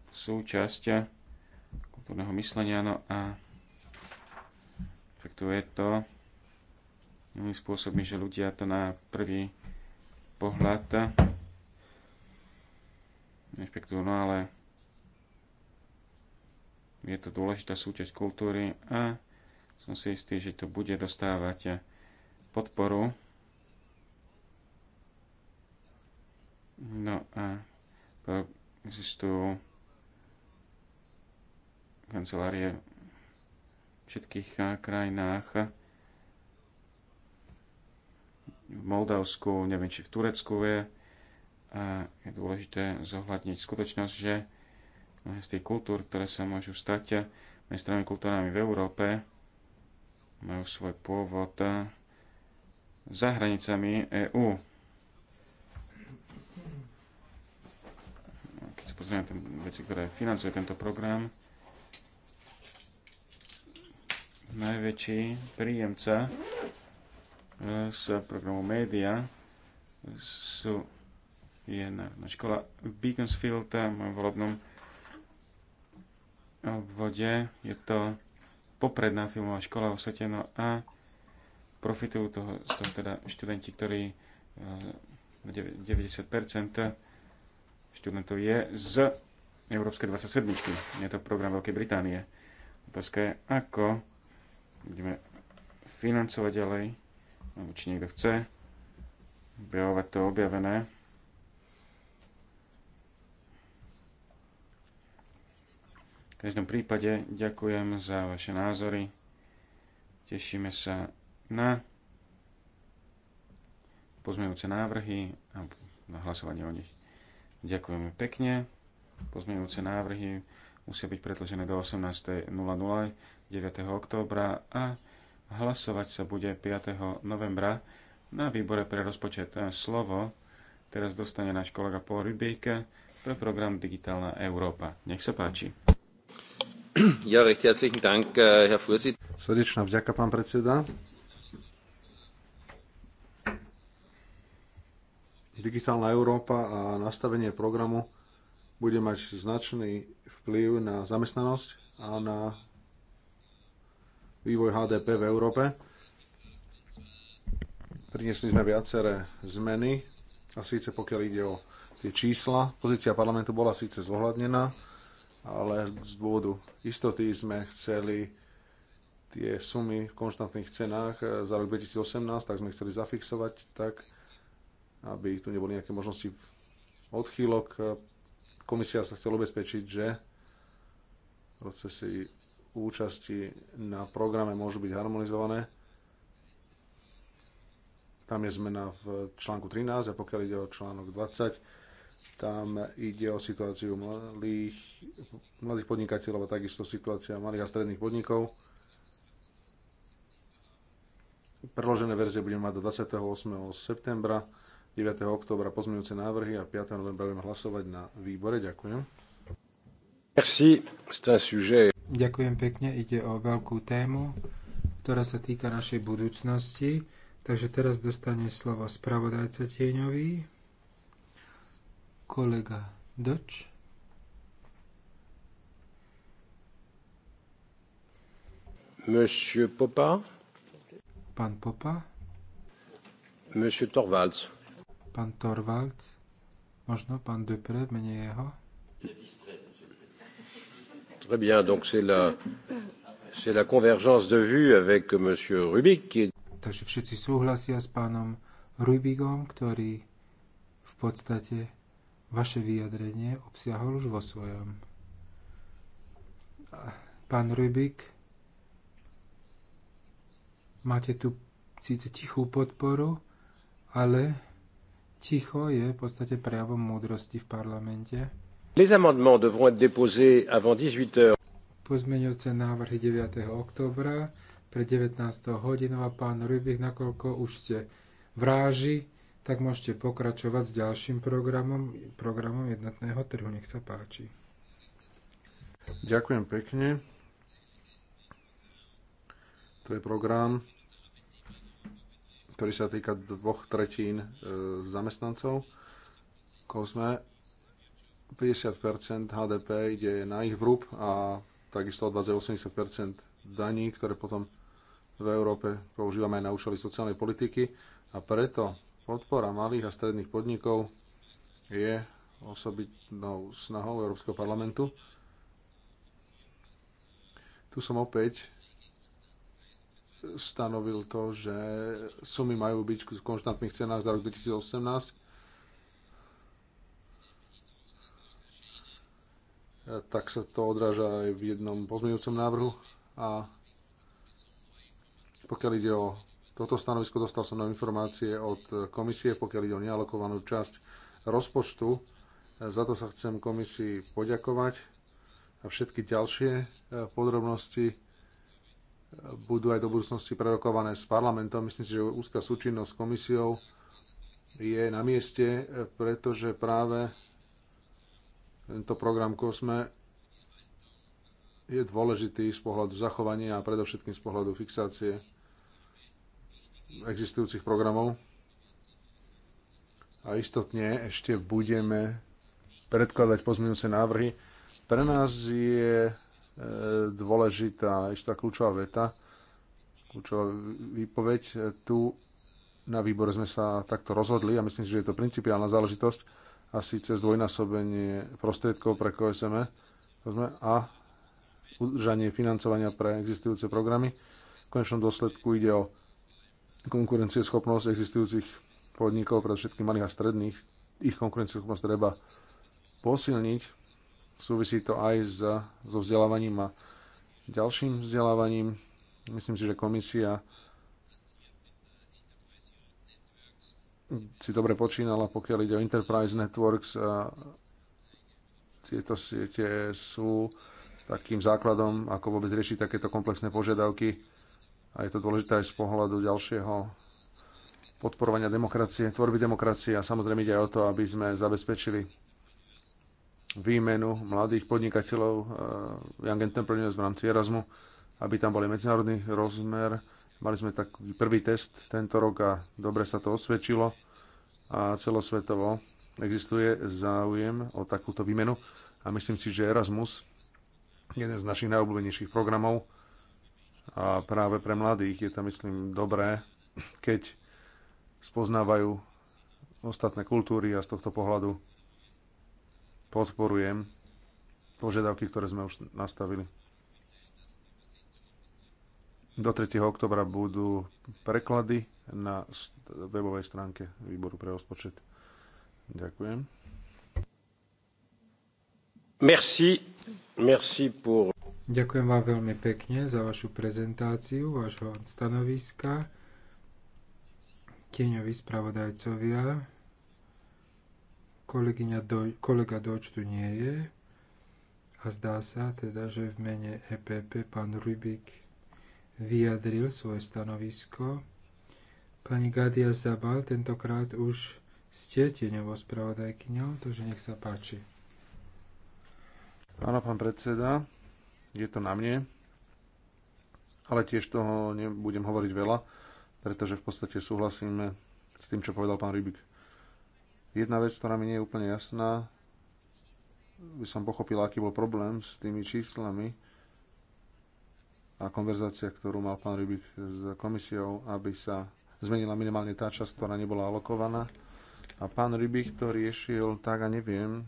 súčasť kultúrneho myslenia, no a je to inými spôsobmi, že ľudia to na prvý pohľad nešpektujú, no ale je to dôležitá súčasť kultúry a som si istý, že to bude dostávať podporu. No a existujú kancelárie v všetkých eh, krajinách. V Moldavsku, neviem, či v Turecku je. A je dôležité zohľadniť skutočnosť, že mnohé z tých kultúr, ktoré sa môžu stať eh, mestrami kultúrami v Európe, majú svoj pôvod eh, za hranicami EÚ. Keď sa pozrieme na veci, ktoré financuje tento program, najväčší príjemca eh, z programu Média sú, je na škola Beaconsfield eh, v volebnom obvode. Je to popredná filmová škola vo no a profitujú toho, z toho teda študenti, ktorí 90% eh, študentov je z Európskej 27. Je to program Veľkej Británie. Otázka je, ako budeme financovať ďalej, alebo či niekto chce objavovať to objavené V každom prípade ďakujem za vaše názory. Tešíme sa na pozmejúce návrhy a na hlasovanie o nich. Ďakujeme pekne. Pozmejúce návrhy musia byť predložené do 18.00 9. októbra a hlasovať sa bude 5. novembra na výbore pre rozpočet. Slovo teraz dostane náš kolega Paul Rybík pre program Digitálna Európa. Nech sa páči. Ja, recht herzlichen Dank, äh, Herr Vorsitz. Srdečná vďaka, pán predseda. Digitálna Európa a nastavenie programu bude mať značný vplyv na zamestnanosť a na vývoj HDP v Európe. Priniesli sme viaceré zmeny a síce pokiaľ ide o tie čísla, pozícia parlamentu bola síce zohľadnená, ale z dôvodu istoty sme chceli tie sumy v konštantných cenách eh, za rok 2018, tak sme chceli zafixovať tak, aby tu neboli nejaké možnosti odchýlok. Eh, komisia sa chcela ubezpečiť, že procesy účasti na programe môžu byť harmonizované. Tam je zmena v článku 13 a pokiaľ ide o článok 20, tam ide o situáciu mladých, mladých podnikateľov a takisto situácia malých a stredných podnikov. Preložené verzie budeme mať do 28. septembra, 9. oktobra pozmeňujúce návrhy a 5. novembra budeme hlasovať na výbore. Ďakujem. Merci, Ďakujem pekne, ide o veľkú tému, ktorá sa týka našej budúcnosti. Takže teraz dostane slovo spravodajca tieňový. Kolega Doč. Monsieur Popa. Pan Popa. Monsieur Torvalds. Pan Torvalds. Možno pan Dupré, v mene jeho. Très bien, donc c'est la, c'est la convergence de vue avec monsieur Rubik. Qui... Takže všetci súhlasia s pánom Rubigom, ktorý v podstate vaše vyjadrenie obsiahol už vo svojom. Pán Rybik, máte tu síce tichú podporu, ale ticho je v podstate prejavom múdrosti v parlamente. Les amendements devront être déposés avant 18 h Pozmeňujúce návrhy 9. oktobra pre 19. hodinu a pán Rybik, nakoľko už ste vráži, tak môžete pokračovať s ďalším programom, programom jednotného trhu. Nech sa páči. Ďakujem pekne. To je program, ktorý sa týka dvoch tretín e, zamestnancov. sme? 50% HDP ide na ich vrúb a takisto 20 80% daní, ktoré potom v Európe používame aj na účely sociálnej politiky a preto Podpora malých a stredných podnikov je osobitnou snahou Európskeho parlamentu. Tu som opäť stanovil to, že sumy majú byť v konštantných cenách za rok 2018. Tak sa to odráža aj v jednom pozmeňujúcom návrhu. A pokiaľ ide o toto stanovisko dostal som na informácie od komisie, pokiaľ ide o nealokovanú časť rozpočtu. Za to sa chcem komisii poďakovať a všetky ďalšie e, podrobnosti e, budú aj do budúcnosti prerokované s parlamentom. Myslím si, že úzka súčinnosť s komisiou je na mieste, e, pretože práve tento program COSME je dôležitý z pohľadu zachovania a predovšetkým z pohľadu fixácie existujúcich programov. A istotne ešte budeme predkladať pozmeňujúce návrhy. Pre nás je e, dôležitá istá kľúčová veta, kľúčová výpoveď. E, tu na výbore sme sa takto rozhodli a myslím si, že je to principiálna záležitosť a síce zdvojnásobenie prostriedkov pre KSM e. a udržanie financovania pre existujúce programy. V konečnom dôsledku ide o konkurencieschopnosť existujúcich podnikov, pre všetky malých a stredných, ich konkurencieschopnosť treba posilniť. Súvisí to aj za, so vzdelávaním a ďalším vzdelávaním. Myslím si, že komisia si dobre počínala, pokiaľ ide o Enterprise Networks. A tieto siete sú takým základom, ako vôbec riešiť takéto komplexné požiadavky a je to dôležité aj z pohľadu ďalšieho podporovania demokracie, tvorby demokracie a samozrejme ide aj o to, aby sme zabezpečili výmenu mladých podnikateľov eh, Young Entrepreneurs v rámci Erasmu, aby tam boli medzinárodný rozmer. Mali sme taký prvý test tento rok a dobre sa to osvedčilo a celosvetovo existuje záujem o takúto výmenu a myslím si, že Erasmus, jeden z našich najobľúbenejších programov, a práve pre mladých je to, myslím, dobré, keď spoznávajú ostatné kultúry a z tohto pohľadu podporujem požiadavky, ktoré sme už nastavili. Do 3. oktobra budú preklady na webovej stránke výboru pre rozpočet. Ďakujem. Merci. Merci pour... Ďakujem vám veľmi pekne za vašu prezentáciu, vášho stanoviska. Tieňoví spravodajcovia, Do, kolega Doč tu nie je a zdá sa teda, že v mene EPP pán Rubik vyjadril svoje stanovisko. Pani Gadia Zabal, tentokrát už ste tieňovou spravodajkyňou, takže nech sa páči. Áno, pán predseda, je to na mne, ale tiež toho nebudem hovoriť veľa, pretože v podstate súhlasíme s tým, čo povedal pán Rybik. Jedna vec, ktorá mi nie je úplne jasná, by som pochopil, aký bol problém s tými číslami a konverzácia, ktorú mal pán Rybik s komisiou, aby sa zmenila minimálne tá časť, ktorá nebola alokovaná. A pán Rybik to riešil tak a neviem,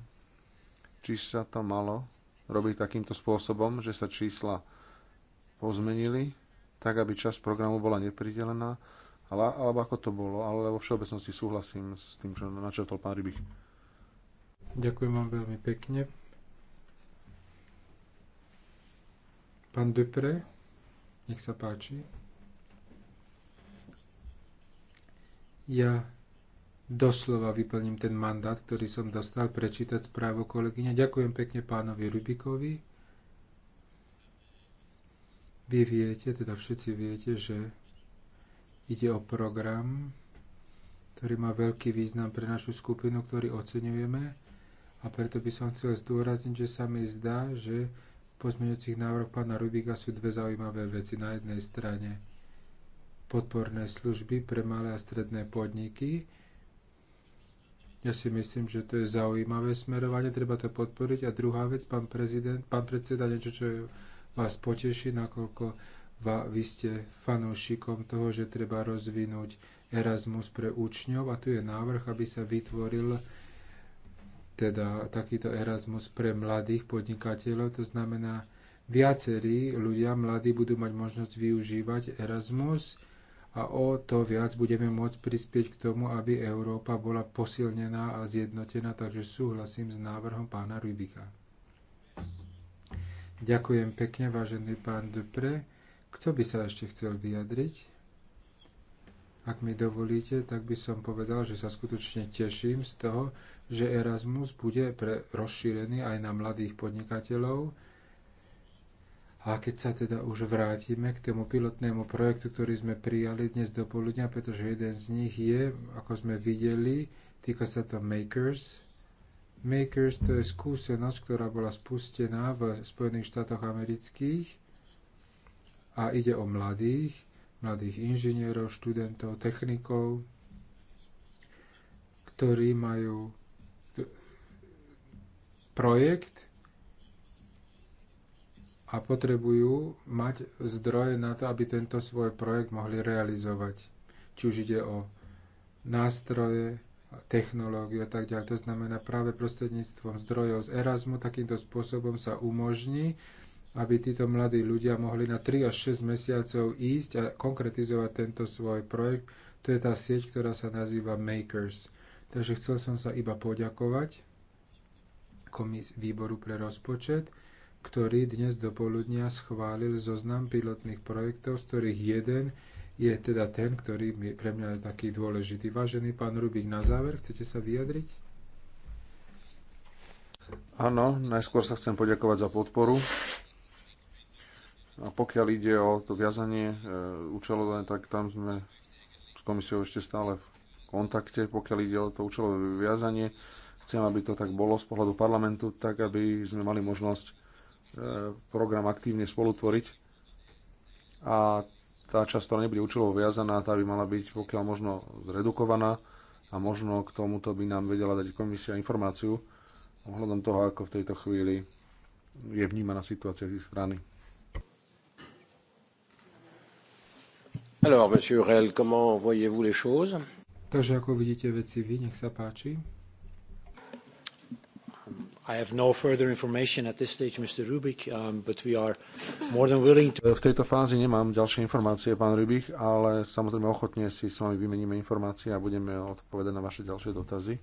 či sa to malo robiť takýmto spôsobom, že sa čísla pozmenili, tak aby čas programu bola nepridelená, ale, alebo ako to bolo, ale vo všeobecnosti súhlasím s tým, čo načrtol pán Rybich. Ďakujem vám veľmi pekne. Pán Dupre, nech sa páči. Ja doslova vyplním ten mandát, ktorý som dostal prečítať správu kolegyne. Ďakujem pekne pánovi Rubikovi. Vy viete, teda všetci viete, že ide o program, ktorý má veľký význam pre našu skupinu, ktorý oceňujeme. A preto by som chcel zdôrazniť, že sa mi zdá, že v pozmeňujúcich návrhoch pána Rubika sú dve zaujímavé veci. Na jednej strane podporné služby pre malé a stredné podniky, ja si myslím, že to je zaujímavé smerovanie, treba to podporiť. A druhá vec, pán prezident, pán predseda, niečo, čo vás poteší, nakoľko vy ste fanúšikom toho, že treba rozvinúť Erasmus pre učňov a tu je návrh, aby sa vytvoril teda takýto Erasmus pre mladých podnikateľov, to znamená, viacerí ľudia, mladí, budú mať možnosť využívať Erasmus, a o to viac budeme môcť prispieť k tomu, aby Európa bola posilnená a zjednotená, takže súhlasím s návrhom pána Rubika. Ďakujem pekne, vážený pán Dupre. Kto by sa ešte chcel vyjadriť? Ak mi dovolíte, tak by som povedal, že sa skutočne teším z toho, že Erasmus bude pre rozšírený aj na mladých podnikateľov, a keď sa teda už vrátime k tomu pilotnému projektu, ktorý sme prijali dnes do poludňa, pretože jeden z nich je, ako sme videli, týka sa to Makers. Makers to je skúsenosť, ktorá bola spustená v Spojených štátoch amerických a ide o mladých, mladých inžinierov, študentov, technikov, ktorí majú projekt, a potrebujú mať zdroje na to, aby tento svoj projekt mohli realizovať. Či už ide o nástroje, technológie a tak ďalej. To znamená práve prostredníctvom zdrojov z Erasmu takýmto spôsobom sa umožní, aby títo mladí ľudia mohli na 3 až 6 mesiacov ísť a konkretizovať tento svoj projekt. To je tá sieť, ktorá sa nazýva Makers. Takže chcel som sa iba poďakovať, výboru pre rozpočet ktorý dnes do poludnia schválil zoznam pilotných projektov, z ktorých jeden je teda ten, ktorý je pre mňa je taký dôležitý. Vážený pán Rubik, na záver chcete sa vyjadriť? Áno, najskôr sa chcem poďakovať za podporu. A pokiaľ ide o to viazanie e, účelové, tak tam sme s komisiou ešte stále v kontakte. Pokiaľ ide o to účelové viazanie, chcem, aby to tak bolo z pohľadu parlamentu, tak aby sme mali možnosť E, program aktívne spolutvoriť a tá časť, ktorá nebude účelovo viazaná, tá by mala byť pokiaľ možno zredukovaná a možno k tomuto by nám vedela dať komisia informáciu ohľadom toho, ako v tejto chvíli je vnímaná situácia z strany. Alors, monsieur Rel, comment voyez-vous les choses? Takže ako vidíte veci vy, nech sa páči. I have no further information at this stage, Mr. Rubik, um, but we are more than willing to... E, v tejto fázi nemám ďalšie informácie, pán Rubik, ale samozrejme ochotne si s vami vymeníme informácie a budeme odpovedať na vaše ďalšie dotazy.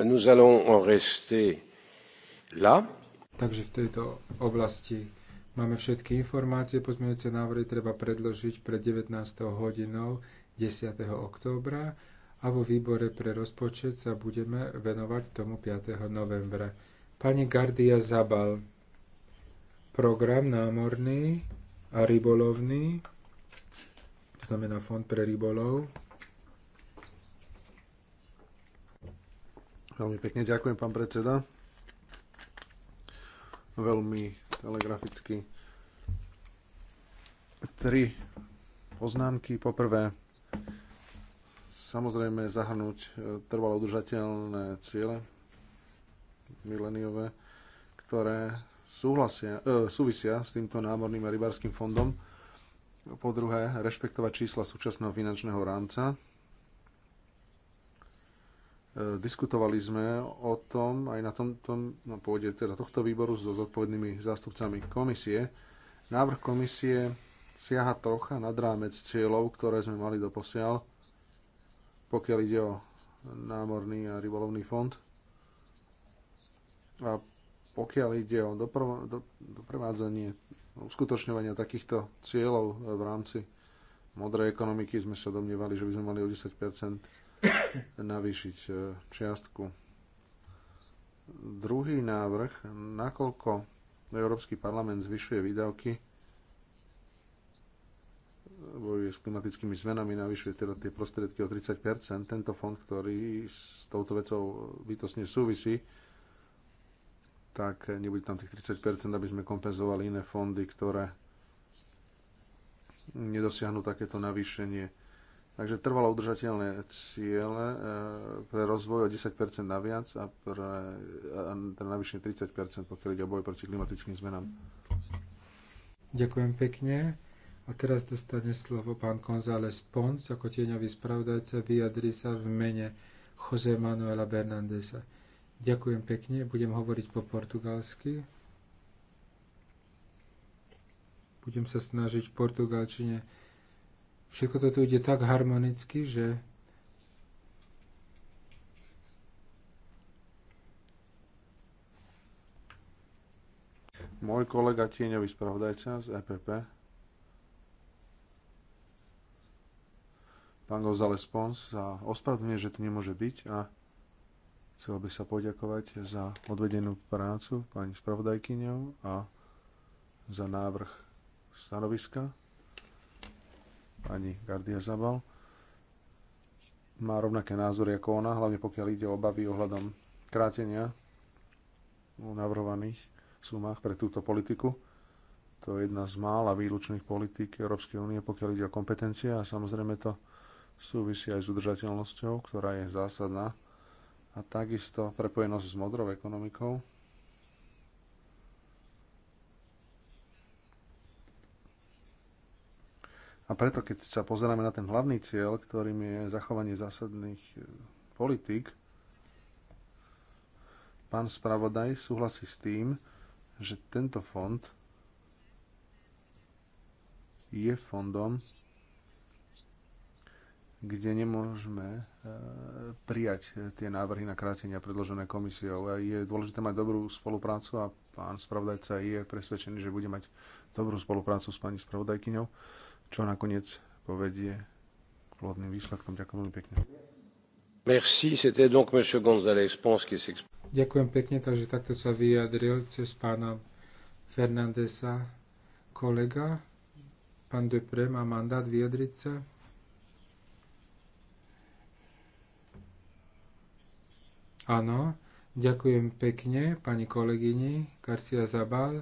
Nous allons en rester là. Takže v tejto oblasti máme všetky informácie. Pozmeňujúce návrhy treba predložiť pred 19. hodinou 10. októbra a vo výbore pre rozpočet sa budeme venovať tomu 5. novembra. Pani Gardia Zabal, program námorný a rybolovný, to znamená Fond pre rybolov. Veľmi pekne ďakujem, pán predseda. Veľmi telegraficky. Tri poznámky. Poprvé, samozrejme zahrnúť e, trvalo udržateľné ciele mileniové, ktoré súhlasia, e, súvisia s týmto námorným a rybárským fondom. Po druhé, rešpektovať čísla súčasného finančného rámca. E, diskutovali sme o tom aj na, tomto, na pôde teda tohto výboru so zodpovednými zástupcami komisie. Návrh komisie siaha trocha nad rámec cieľov, ktoré sme mali doposiaľ. posiaľ pokiaľ ide o námorný a rybolovný fond. A pokiaľ ide o doprevádzanie uskutočňovania takýchto cieľov v rámci modrej ekonomiky, sme sa domnievali, že by sme mali o 10 navýšiť e, čiastku. Druhý návrh, nakoľko Európsky parlament zvyšuje výdavky bojuje s klimatickými zmenami, navyšuje teda tie prostriedky o 30 Tento fond, ktorý s touto vecou bytosne súvisí, tak nebude tam tých 30 aby sme kompenzovali iné fondy, ktoré nedosiahnu takéto navýšenie. Takže trvalo udržateľné ciele e, pre rozvoj o 10 naviac a pre a navýšenie 30 pokiaľ ide o boj proti klimatickým zmenám. Ďakujem pekne. A teraz dostane slovo pán González Pons ako tieňový spravodajca vyjadri sa v mene Jose Manuela Bernandesa. Ďakujem pekne, budem hovoriť po portugalsky. Budem sa snažiť v portugalčine. Všetko to tu ide tak harmonicky, že môj kolega tieňový spravodajca z EPP Pán González Pons sa ospravedlňuje, že tu nemôže byť a chcel by sa poďakovať za odvedenú prácu pani spravodajkyňou a za návrh stanoviska pani Gardia Zabal. Má rovnaké názory ako ona, hlavne pokiaľ ide o obavy ohľadom krátenia o navrhovaných sumách pre túto politiku. To je jedna z mála výlučných politík Európskej únie, pokiaľ ide o kompetencie a samozrejme to súvisí aj s udržateľnosťou, ktorá je zásadná a takisto prepojenosť s modrou ekonomikou. A preto, keď sa pozeráme na ten hlavný cieľ, ktorým je zachovanie zásadných e, politík, pán spravodaj súhlasí s tým, že tento fond je fondom, kde nemôžeme e, prijať e, tie návrhy na krátenia predložené komisiou. Je dôležité mať dobrú spoluprácu a pán spravodajca je presvedčený, že bude mať dobrú spoluprácu s pani spravodajkyňou, čo nakoniec povedie k plodným výsledkom. Ďakujem veľmi pekne. Merci, c'était donc M. González Pons qui s'exprime. Ďakujem pekne, takže takto sa vyjadril cez pána Fernandesa kolega. Pán Depre má mandát vyjadriť sa. Áno, ďakujem pekne pani kolegyni Garcia Zabal.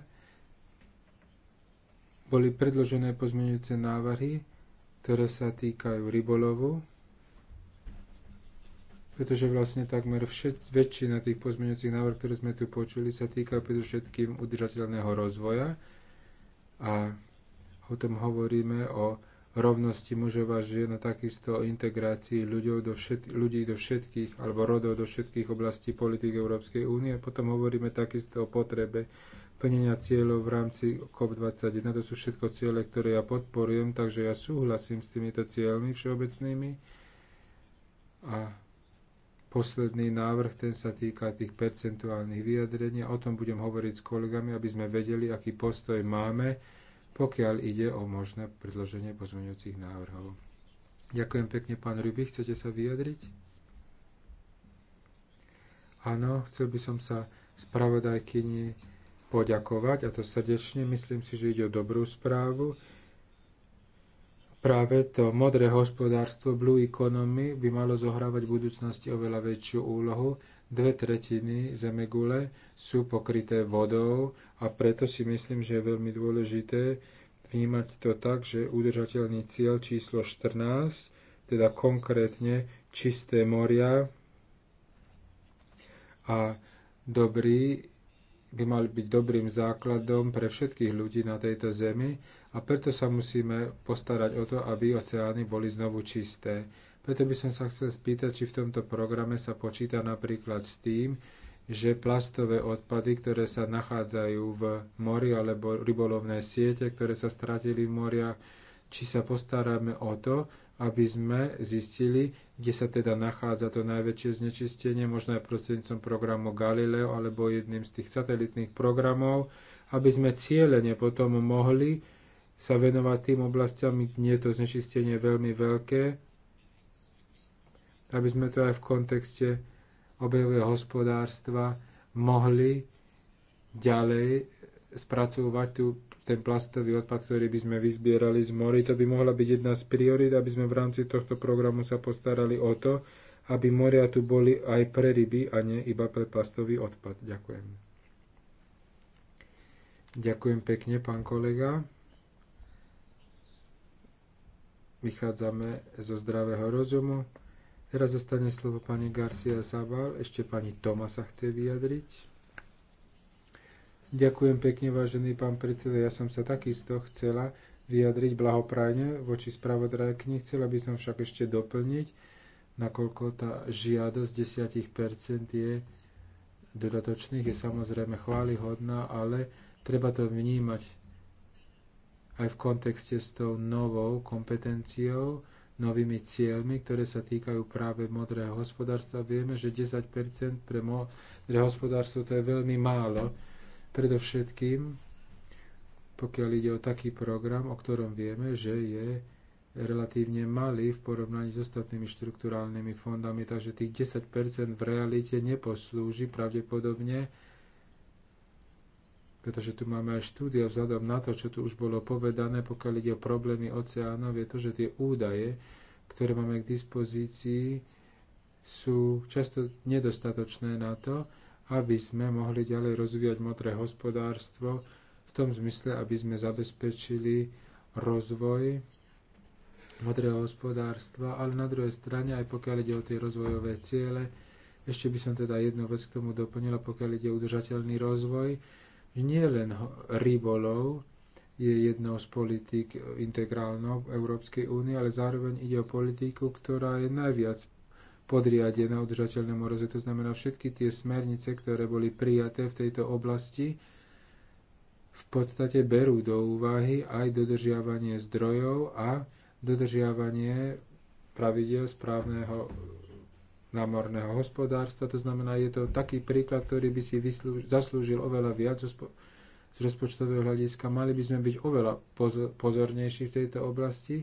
Boli predložené pozmeňujúce návrhy, ktoré sa týkajú rybolovu, pretože vlastne takmer všet, väčšina tých pozmeňujúcich návrh, ktoré sme tu počuli, sa týka predovšetkým udržateľného rozvoja a o tom hovoríme o rovnosti mužov a žien a takisto o integrácii do všet, ľudí do všetkých alebo rodov do všetkých oblastí politik Európskej únie. Potom hovoríme takisto o potrebe plnenia cieľov v rámci COP21. To sú všetko ciele, ktoré ja podporujem, takže ja súhlasím s týmito cieľmi všeobecnými. A posledný návrh, ten sa týka tých percentuálnych vyjadrení. O tom budem hovoriť s kolegami, aby sme vedeli, aký postoj máme pokiaľ ide o možné predloženie pozmeňujúcich návrhov. Ďakujem pekne, pán Ruby. Chcete sa vyjadriť? Áno, chcel by som sa spravodajkyni poďakovať, a to srdečne. Myslím si, že ide o dobrú správu. Práve to modré hospodárstvo, blue economy, by malo zohrávať v budúcnosti oveľa väčšiu úlohu Dve tretiny Zemegule sú pokryté vodou a preto si myslím, že je veľmi dôležité vnímať to tak, že udržateľný cieľ číslo 14, teda konkrétne čisté moria a dobrý by mal byť dobrým základom pre všetkých ľudí na tejto zemi a preto sa musíme postarať o to, aby oceány boli znovu čisté. Preto by som sa chcel spýtať, či v tomto programe sa počíta napríklad s tým, že plastové odpady, ktoré sa nachádzajú v mori alebo rybolovné siete, ktoré sa stratili v moriach, či sa postaráme o to, aby sme zistili, kde sa teda nachádza to najväčšie znečistenie, možno aj prostrednícom programu Galileo alebo jedným z tých satelitných programov, aby sme cieľene potom mohli sa venovať tým oblastiam, kde je to znečistenie veľmi veľké aby sme to aj v kontexte obehového hospodárstva mohli ďalej spracovať tu ten plastový odpad, ktorý by sme vyzbierali z mori. To by mohla byť jedna z priorit, aby sme v rámci tohto programu sa postarali o to, aby moria tu boli aj pre ryby a nie iba pre plastový odpad. Ďakujem. Ďakujem pekne, pán kolega. Vychádzame zo zdravého rozumu. Teraz zostane slovo pani Garcia Zabal, ešte pani Toma sa chce vyjadriť. Ďakujem pekne, vážený pán predseda. Ja som sa takisto chcela vyjadriť blahoprajne voči spravodajkni. Chcela by som však ešte doplniť, nakoľko tá žiadosť 10% je dodatočných, je samozrejme chválihodná, ale treba to vnímať aj v kontexte s tou novou kompetenciou, novými cieľmi, ktoré sa týkajú práve modrého hospodárstva. Vieme, že 10 pre modré hospodárstvo to je veľmi málo. Predovšetkým, pokiaľ ide o taký program, o ktorom vieme, že je relatívne malý v porovnaní s ostatnými štruktúrálnymi fondami, takže tých 10 v realite neposlúži pravdepodobne pretože tu máme aj štúdia vzhľadom na to, čo tu už bolo povedané, pokiaľ ide o problémy oceánov, je to, že tie údaje, ktoré máme k dispozícii, sú často nedostatočné na to, aby sme mohli ďalej rozvíjať modré hospodárstvo v tom zmysle, aby sme zabezpečili rozvoj modrého hospodárstva, ale na druhej strane, aj pokiaľ ide o tie rozvojové ciele, ešte by som teda jednu vec k tomu doplnila, pokiaľ ide o udržateľný rozvoj, nie len rybolov je jednou z politík integrálnou Európskej únie, ale zároveň ide o politiku, ktorá je najviac podriadená udržateľnému rozvoju. To znamená, všetky tie smernice, ktoré boli prijaté v tejto oblasti, v podstate berú do úvahy aj dodržiavanie zdrojov a dodržiavanie pravidel správneho námorného hospodárstva. To znamená, je to taký príklad, ktorý by si vyslúž, zaslúžil oveľa viac z rozpočtového hľadiska. Mali by sme byť oveľa pozornejší v tejto oblasti.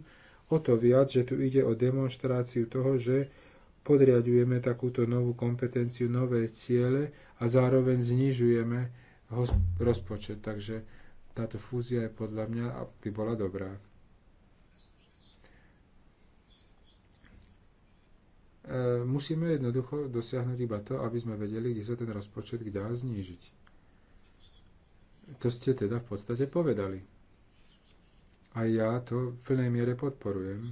O to viac, že tu ide o demonstráciu toho, že podriadujeme takúto novú kompetenciu, nové ciele a zároveň znižujeme rozpočet. Takže táto fúzia je podľa mňa by bola dobrá. E, musíme jednoducho dosiahnuť iba to, aby sme vedeli, kde sa ten rozpočet kde dá znížiť. To ste teda v podstate povedali. A ja to v plnej miere podporujem.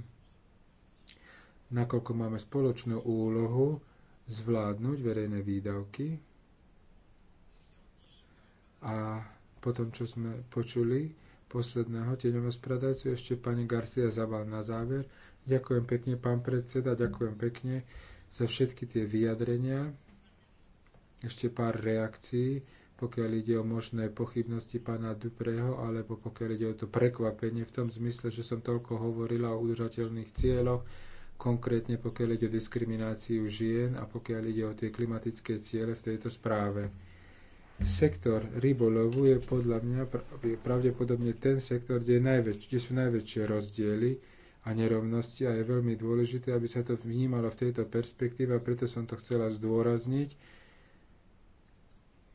Nakoľko máme spoločnú úlohu zvládnuť verejné výdavky a potom, čo sme počuli posledného tieňového spravodajcu, ešte pani Garcia Zabal na záver, Ďakujem pekne, pán predseda, ďakujem pekne za všetky tie vyjadrenia. Ešte pár reakcií, pokiaľ ide o možné pochybnosti pána Dupreho, alebo pokiaľ ide o to prekvapenie v tom zmysle, že som toľko hovorila o udržateľných cieľoch, konkrétne pokiaľ ide o diskrimináciu žien a pokiaľ ide o tie klimatické ciele v tejto správe. Sektor rybolovu je podľa mňa pravdepodobne ten sektor, kde, je najväč- kde sú najväčšie rozdiely a nerovnosti a je veľmi dôležité, aby sa to vnímalo v tejto perspektíve a preto som to chcela zdôrazniť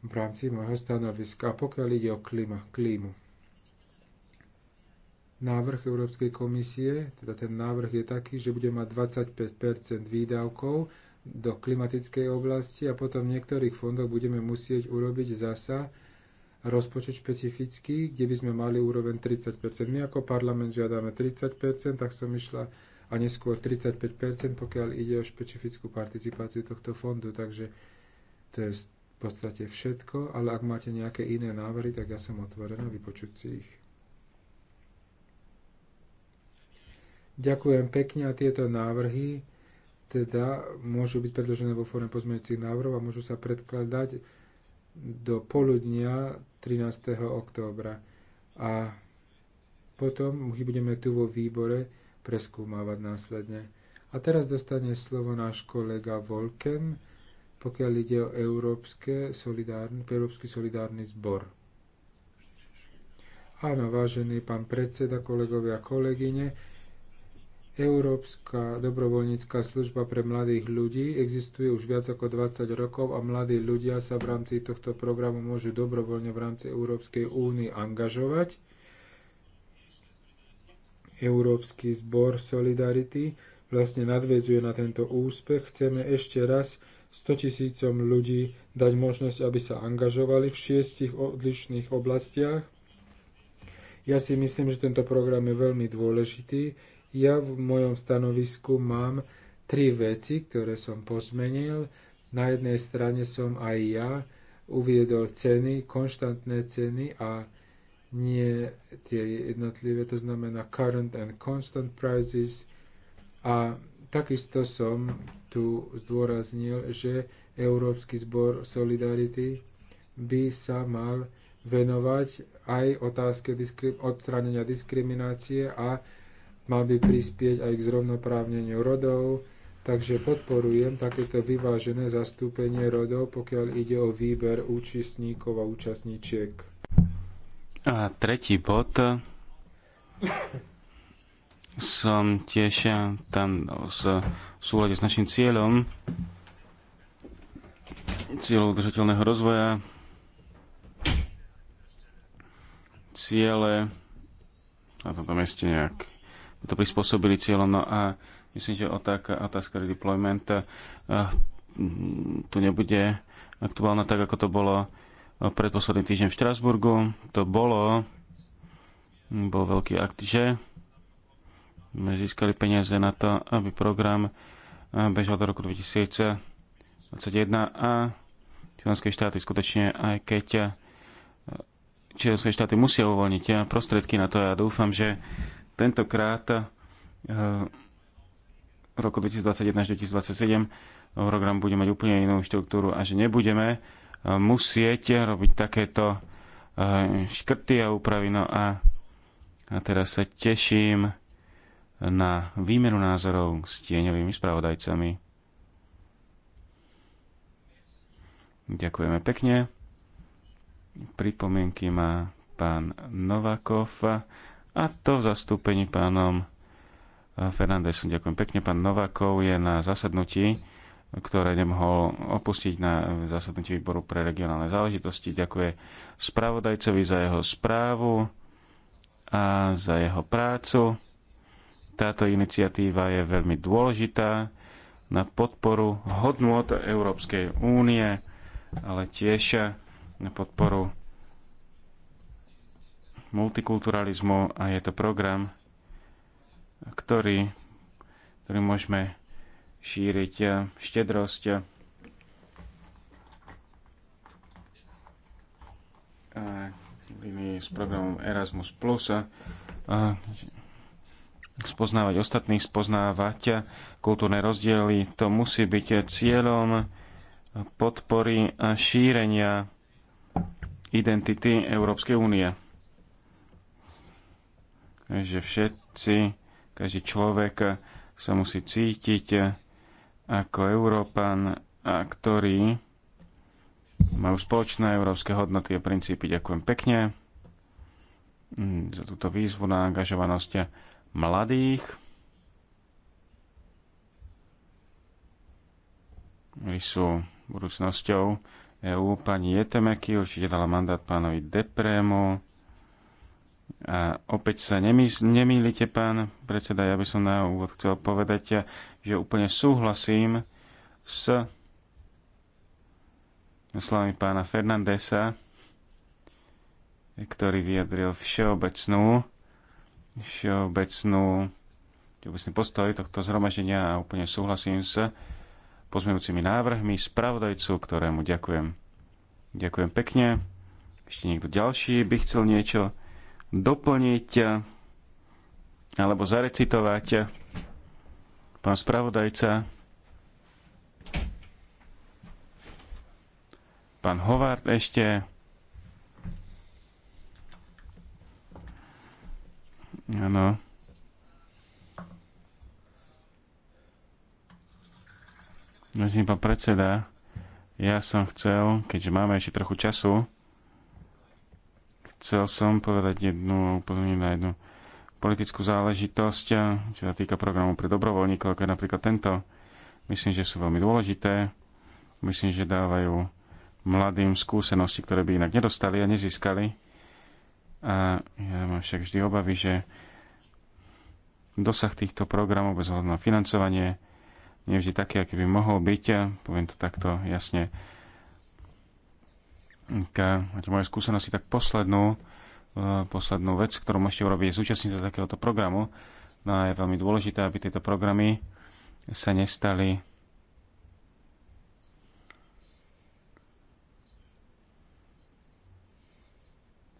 v rámci môjho stanoviska. A pokiaľ ide o klima, klímu, návrh Európskej komisie, teda ten návrh je taký, že bude mať 25 výdavkov do klimatickej oblasti a potom v niektorých fondoch budeme musieť urobiť zasa rozpočet špecifický, kde by sme mali úroveň 30%. My ako parlament žiadame 30%, tak som išla a neskôr 35%, pokiaľ ide o špecifickú participáciu tohto fondu. Takže to je v podstate všetko, ale ak máte nejaké iné návrhy, tak ja som otvorená vypočuť si ich. Ďakujem pekne a tieto návrhy teda môžu byť predložené vo forme pozmeňujúcich návrhov a môžu sa predkladať do poludnia 13. októbra. A potom my budeme tu vo výbore preskúmavať následne. A teraz dostane slovo náš kolega Volkem, pokiaľ ide o Európske solidárny, Európsky solidárny zbor. Áno, vážený pán predseda, kolegovia a kolegyne, Európska dobrovoľnícka služba pre mladých ľudí existuje už viac ako 20 rokov a mladí ľudia sa v rámci tohto programu môžu dobrovoľne v rámci Európskej únie angažovať. Európsky zbor Solidarity vlastne nadvezuje na tento úspech. Chceme ešte raz 100 tisícom ľudí dať možnosť, aby sa angažovali v šiestich odlišných oblastiach. Ja si myslím, že tento program je veľmi dôležitý ja v mojom stanovisku mám tri veci, ktoré som pozmenil. Na jednej strane som aj ja uviedol ceny, konštantné ceny a nie tie jednotlivé, to znamená current and constant prices. A takisto som tu zdôraznil, že Európsky zbor Solidarity by sa mal venovať aj otázke diskri- odstránenia diskriminácie a mal by prispieť aj k zrovnoprávneniu rodov, takže podporujem takéto vyvážené zastúpenie rodov, pokiaľ ide o výber účastníkov a účastníčiek. A tretí bod som tiež tam s, v s našim cieľom cieľom udržateľného rozvoja ciele na tomto meste nejak to prispôsobili cieľom. No a myslím, že otázka, otázka redeployment eh, tu nebude aktuálna tak, ako to bolo eh, predposledný týždeň v Štrasburgu. To bolo, bol veľký akt, že sme získali peniaze na to, aby program eh, bežal do roku 2021 a členské štáty skutočne, aj keď členské štáty musia uvoľniť prostriedky na to, ja dúfam, že Tentokrát eh, v roku 2021 až 2027 eh, program bude mať úplne inú štruktúru a že nebudeme eh, musieť robiť takéto škrty a úpravy. No a, a teraz sa teším na výmenu názorov s tieňovými spravodajcami. Ďakujeme pekne. Pripomienky má pán Novakov a to v zastúpení pánom eh, Fernandesom. Ďakujem pekne. Pán Novákov je na zasadnutí, ktoré nemohol opustiť na zasadnutí výboru pre regionálne záležitosti. Ďakujem spravodajcovi za jeho správu a za jeho prácu. Táto iniciatíva je veľmi dôležitá na podporu hodnot Európskej únie, ale tiež na podporu multikulturalizmu a je to program, ktorý, ktorý môžeme šíriť e, štedrosť e, s programom Erasmus+, e, spoznávať ostatných, spoznávať kultúrne rozdiely. To musí byť cieľom podpory a šírenia identity Európskej únie že všetci, každý človek sa musí cítiť ako Európan, a ktorý majú spoločné európske hodnoty a princípy. Ďakujem pekne za túto výzvu na angažovanosť mladých. ktorí sú budúcnosťou EÚ. Pani Jetemeky určite dala mandát pánovi Deprému. A opäť sa nemýs- nemýlite, pán predseda, ja by som na úvod chcel povedať, že úplne súhlasím s slovami pána Fernandesa, ktorý vyjadril všeobecnú, všeobecnú, všeobecný postoj tohto zhromaždenia a úplne súhlasím s pozmeňujúcimi návrhmi spravodajcu, ktorému ďakujem. Ďakujem pekne. Ešte niekto ďalší by chcel niečo doplniť alebo zarecitovať. Pán spravodajca, pán Hovard ešte, áno, Myslím, pán predseda, ja som chcel, keďže máme ešte trochu času, Chcel som povedať jednu, upozorniť na jednu politickú záležitosť, čo sa týka programu pre dobrovoľníkov, ako je napríklad tento. Myslím, že sú veľmi dôležité. Myslím, že dávajú mladým skúsenosti, ktoré by inak nedostali a nezískali. A ja mám však vždy obavy, že dosah týchto programov bez hľadu na financovanie nie vždy taký, aký by mohol byť. Poviem to takto jasne k, máte moje skúsenosti, tak poslednú, e, poslednú vec, ktorú môžete urobiť, je zúčastniť sa takéhoto programu. No a je veľmi dôležité, aby tieto programy sa nestali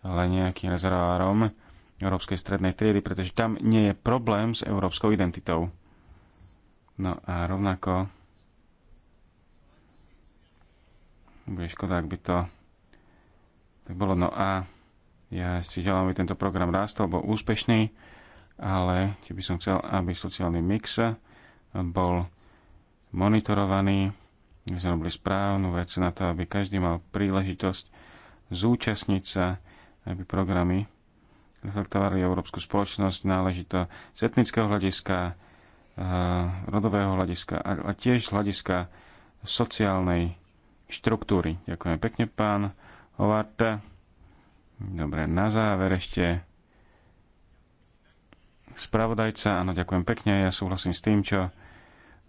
ale nejakým rezervárom európskej strednej triedy, pretože tam nie je problém s európskou identitou. No a rovnako bude škoda, ak by to tak bolo. No a ja si želám, aby tento program rástol, bol úspešný, ale by som chcel, aby sociálny mix bol monitorovaný, aby sme robili správnu vec na to, aby každý mal príležitosť zúčastniť sa, aby programy reflektovali európsku spoločnosť náležito z etnického hľadiska, eh, rodového hľadiska a tiež z hľadiska sociálnej štruktúry. Ďakujem pekne, pán Howard. Dobre, na záver ešte spravodajca. Áno, ďakujem pekne. Ja súhlasím s tým, čo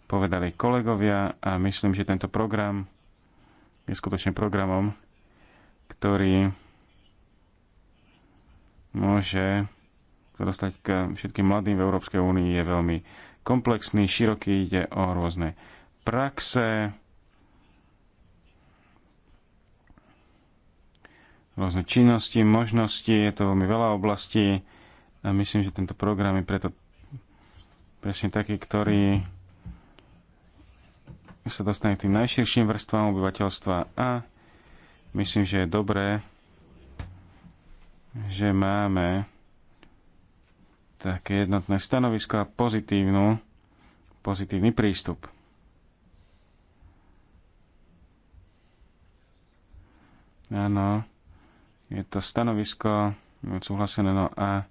povedali kolegovia a myslím, že tento program je skutočne programom, ktorý môže dostať k všetkým mladým v Európskej únii je veľmi komplexný, široký, ide o rôzne praxe, rôzne činnosti, možnosti, je to veľmi veľa oblastí a myslím, že tento program je preto presne taký, ktorý sa dostane k tým najširším vrstvám obyvateľstva a myslím, že je dobré, že máme také jednotné stanovisko a pozitívnu, pozitívny prístup. Áno. Je to stanovisko súhlasené no a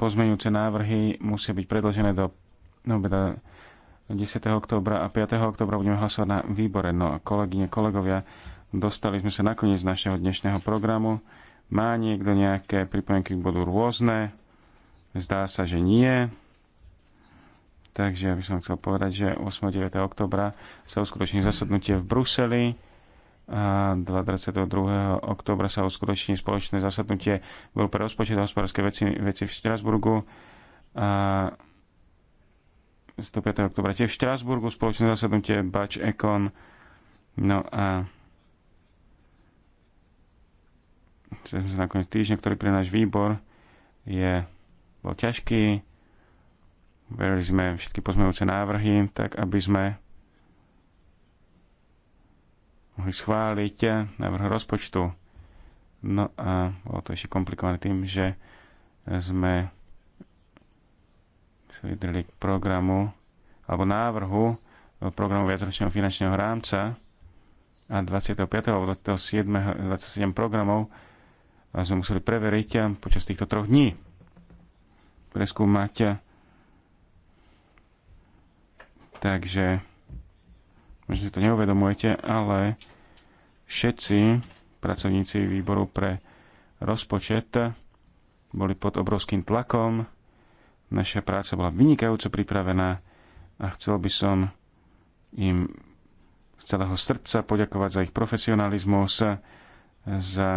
pozmeňujúce návrhy musia byť predložené do obeda 10. oktobra a 5. oktobra budeme hlasovať na výbore. No a kolegyne, kolegovia, dostali sme sa nakoniec našeho dnešného programu. Má niekto nejaké pripomienky k bodu rôzne? Zdá sa, že nie. Takže by som chcel povedať, že 8. 9. oktobra sa uskutoční zasadnutie v Bruseli 22. oktobra sa uskutoční spoločné zasadnutie bol pre rozpočet a hospodárske veci, veci v Štrasburgu. A 105. oktobra tiež v Štrasburgu spoločné zasadnutie Bač Ekon. No a chcem sa nakoniec týždňa, ktorý pre náš výbor je, bol ťažký. Verili sme všetky pozmejúce návrhy, tak aby sme mohli schváliť návrh rozpočtu. No a bolo to ešte komplikované tým, že sme sa vydrili k programu alebo návrhu programu viacročného finančného rámca a 25. alebo 27. 27 programov a sme museli preveriť počas týchto troch dní preskúmať. Takže možno si to neuvedomujete, ale všetci pracovníci výboru pre rozpočet boli pod obrovským tlakom. Naša práca bola vynikajúco pripravená a chcel by som im z celého srdca poďakovať za ich profesionalizmus, za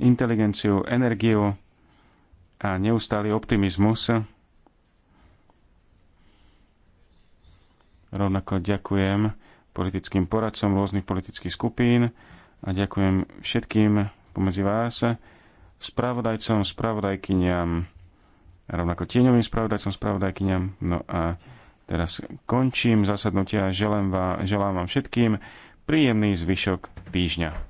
inteligenciu, energiu a neustály optimizmus. Rovnako ďakujem politickým poradcom rôznych politických skupín a ďakujem všetkým pomedzi vás, spravodajcom, spravodajkyniam, rovnako tieňovým spravodajcom, spravodajkyniam. No a teraz končím zasadnutia. Želám vám, želám vám všetkým príjemný zvyšok týždňa.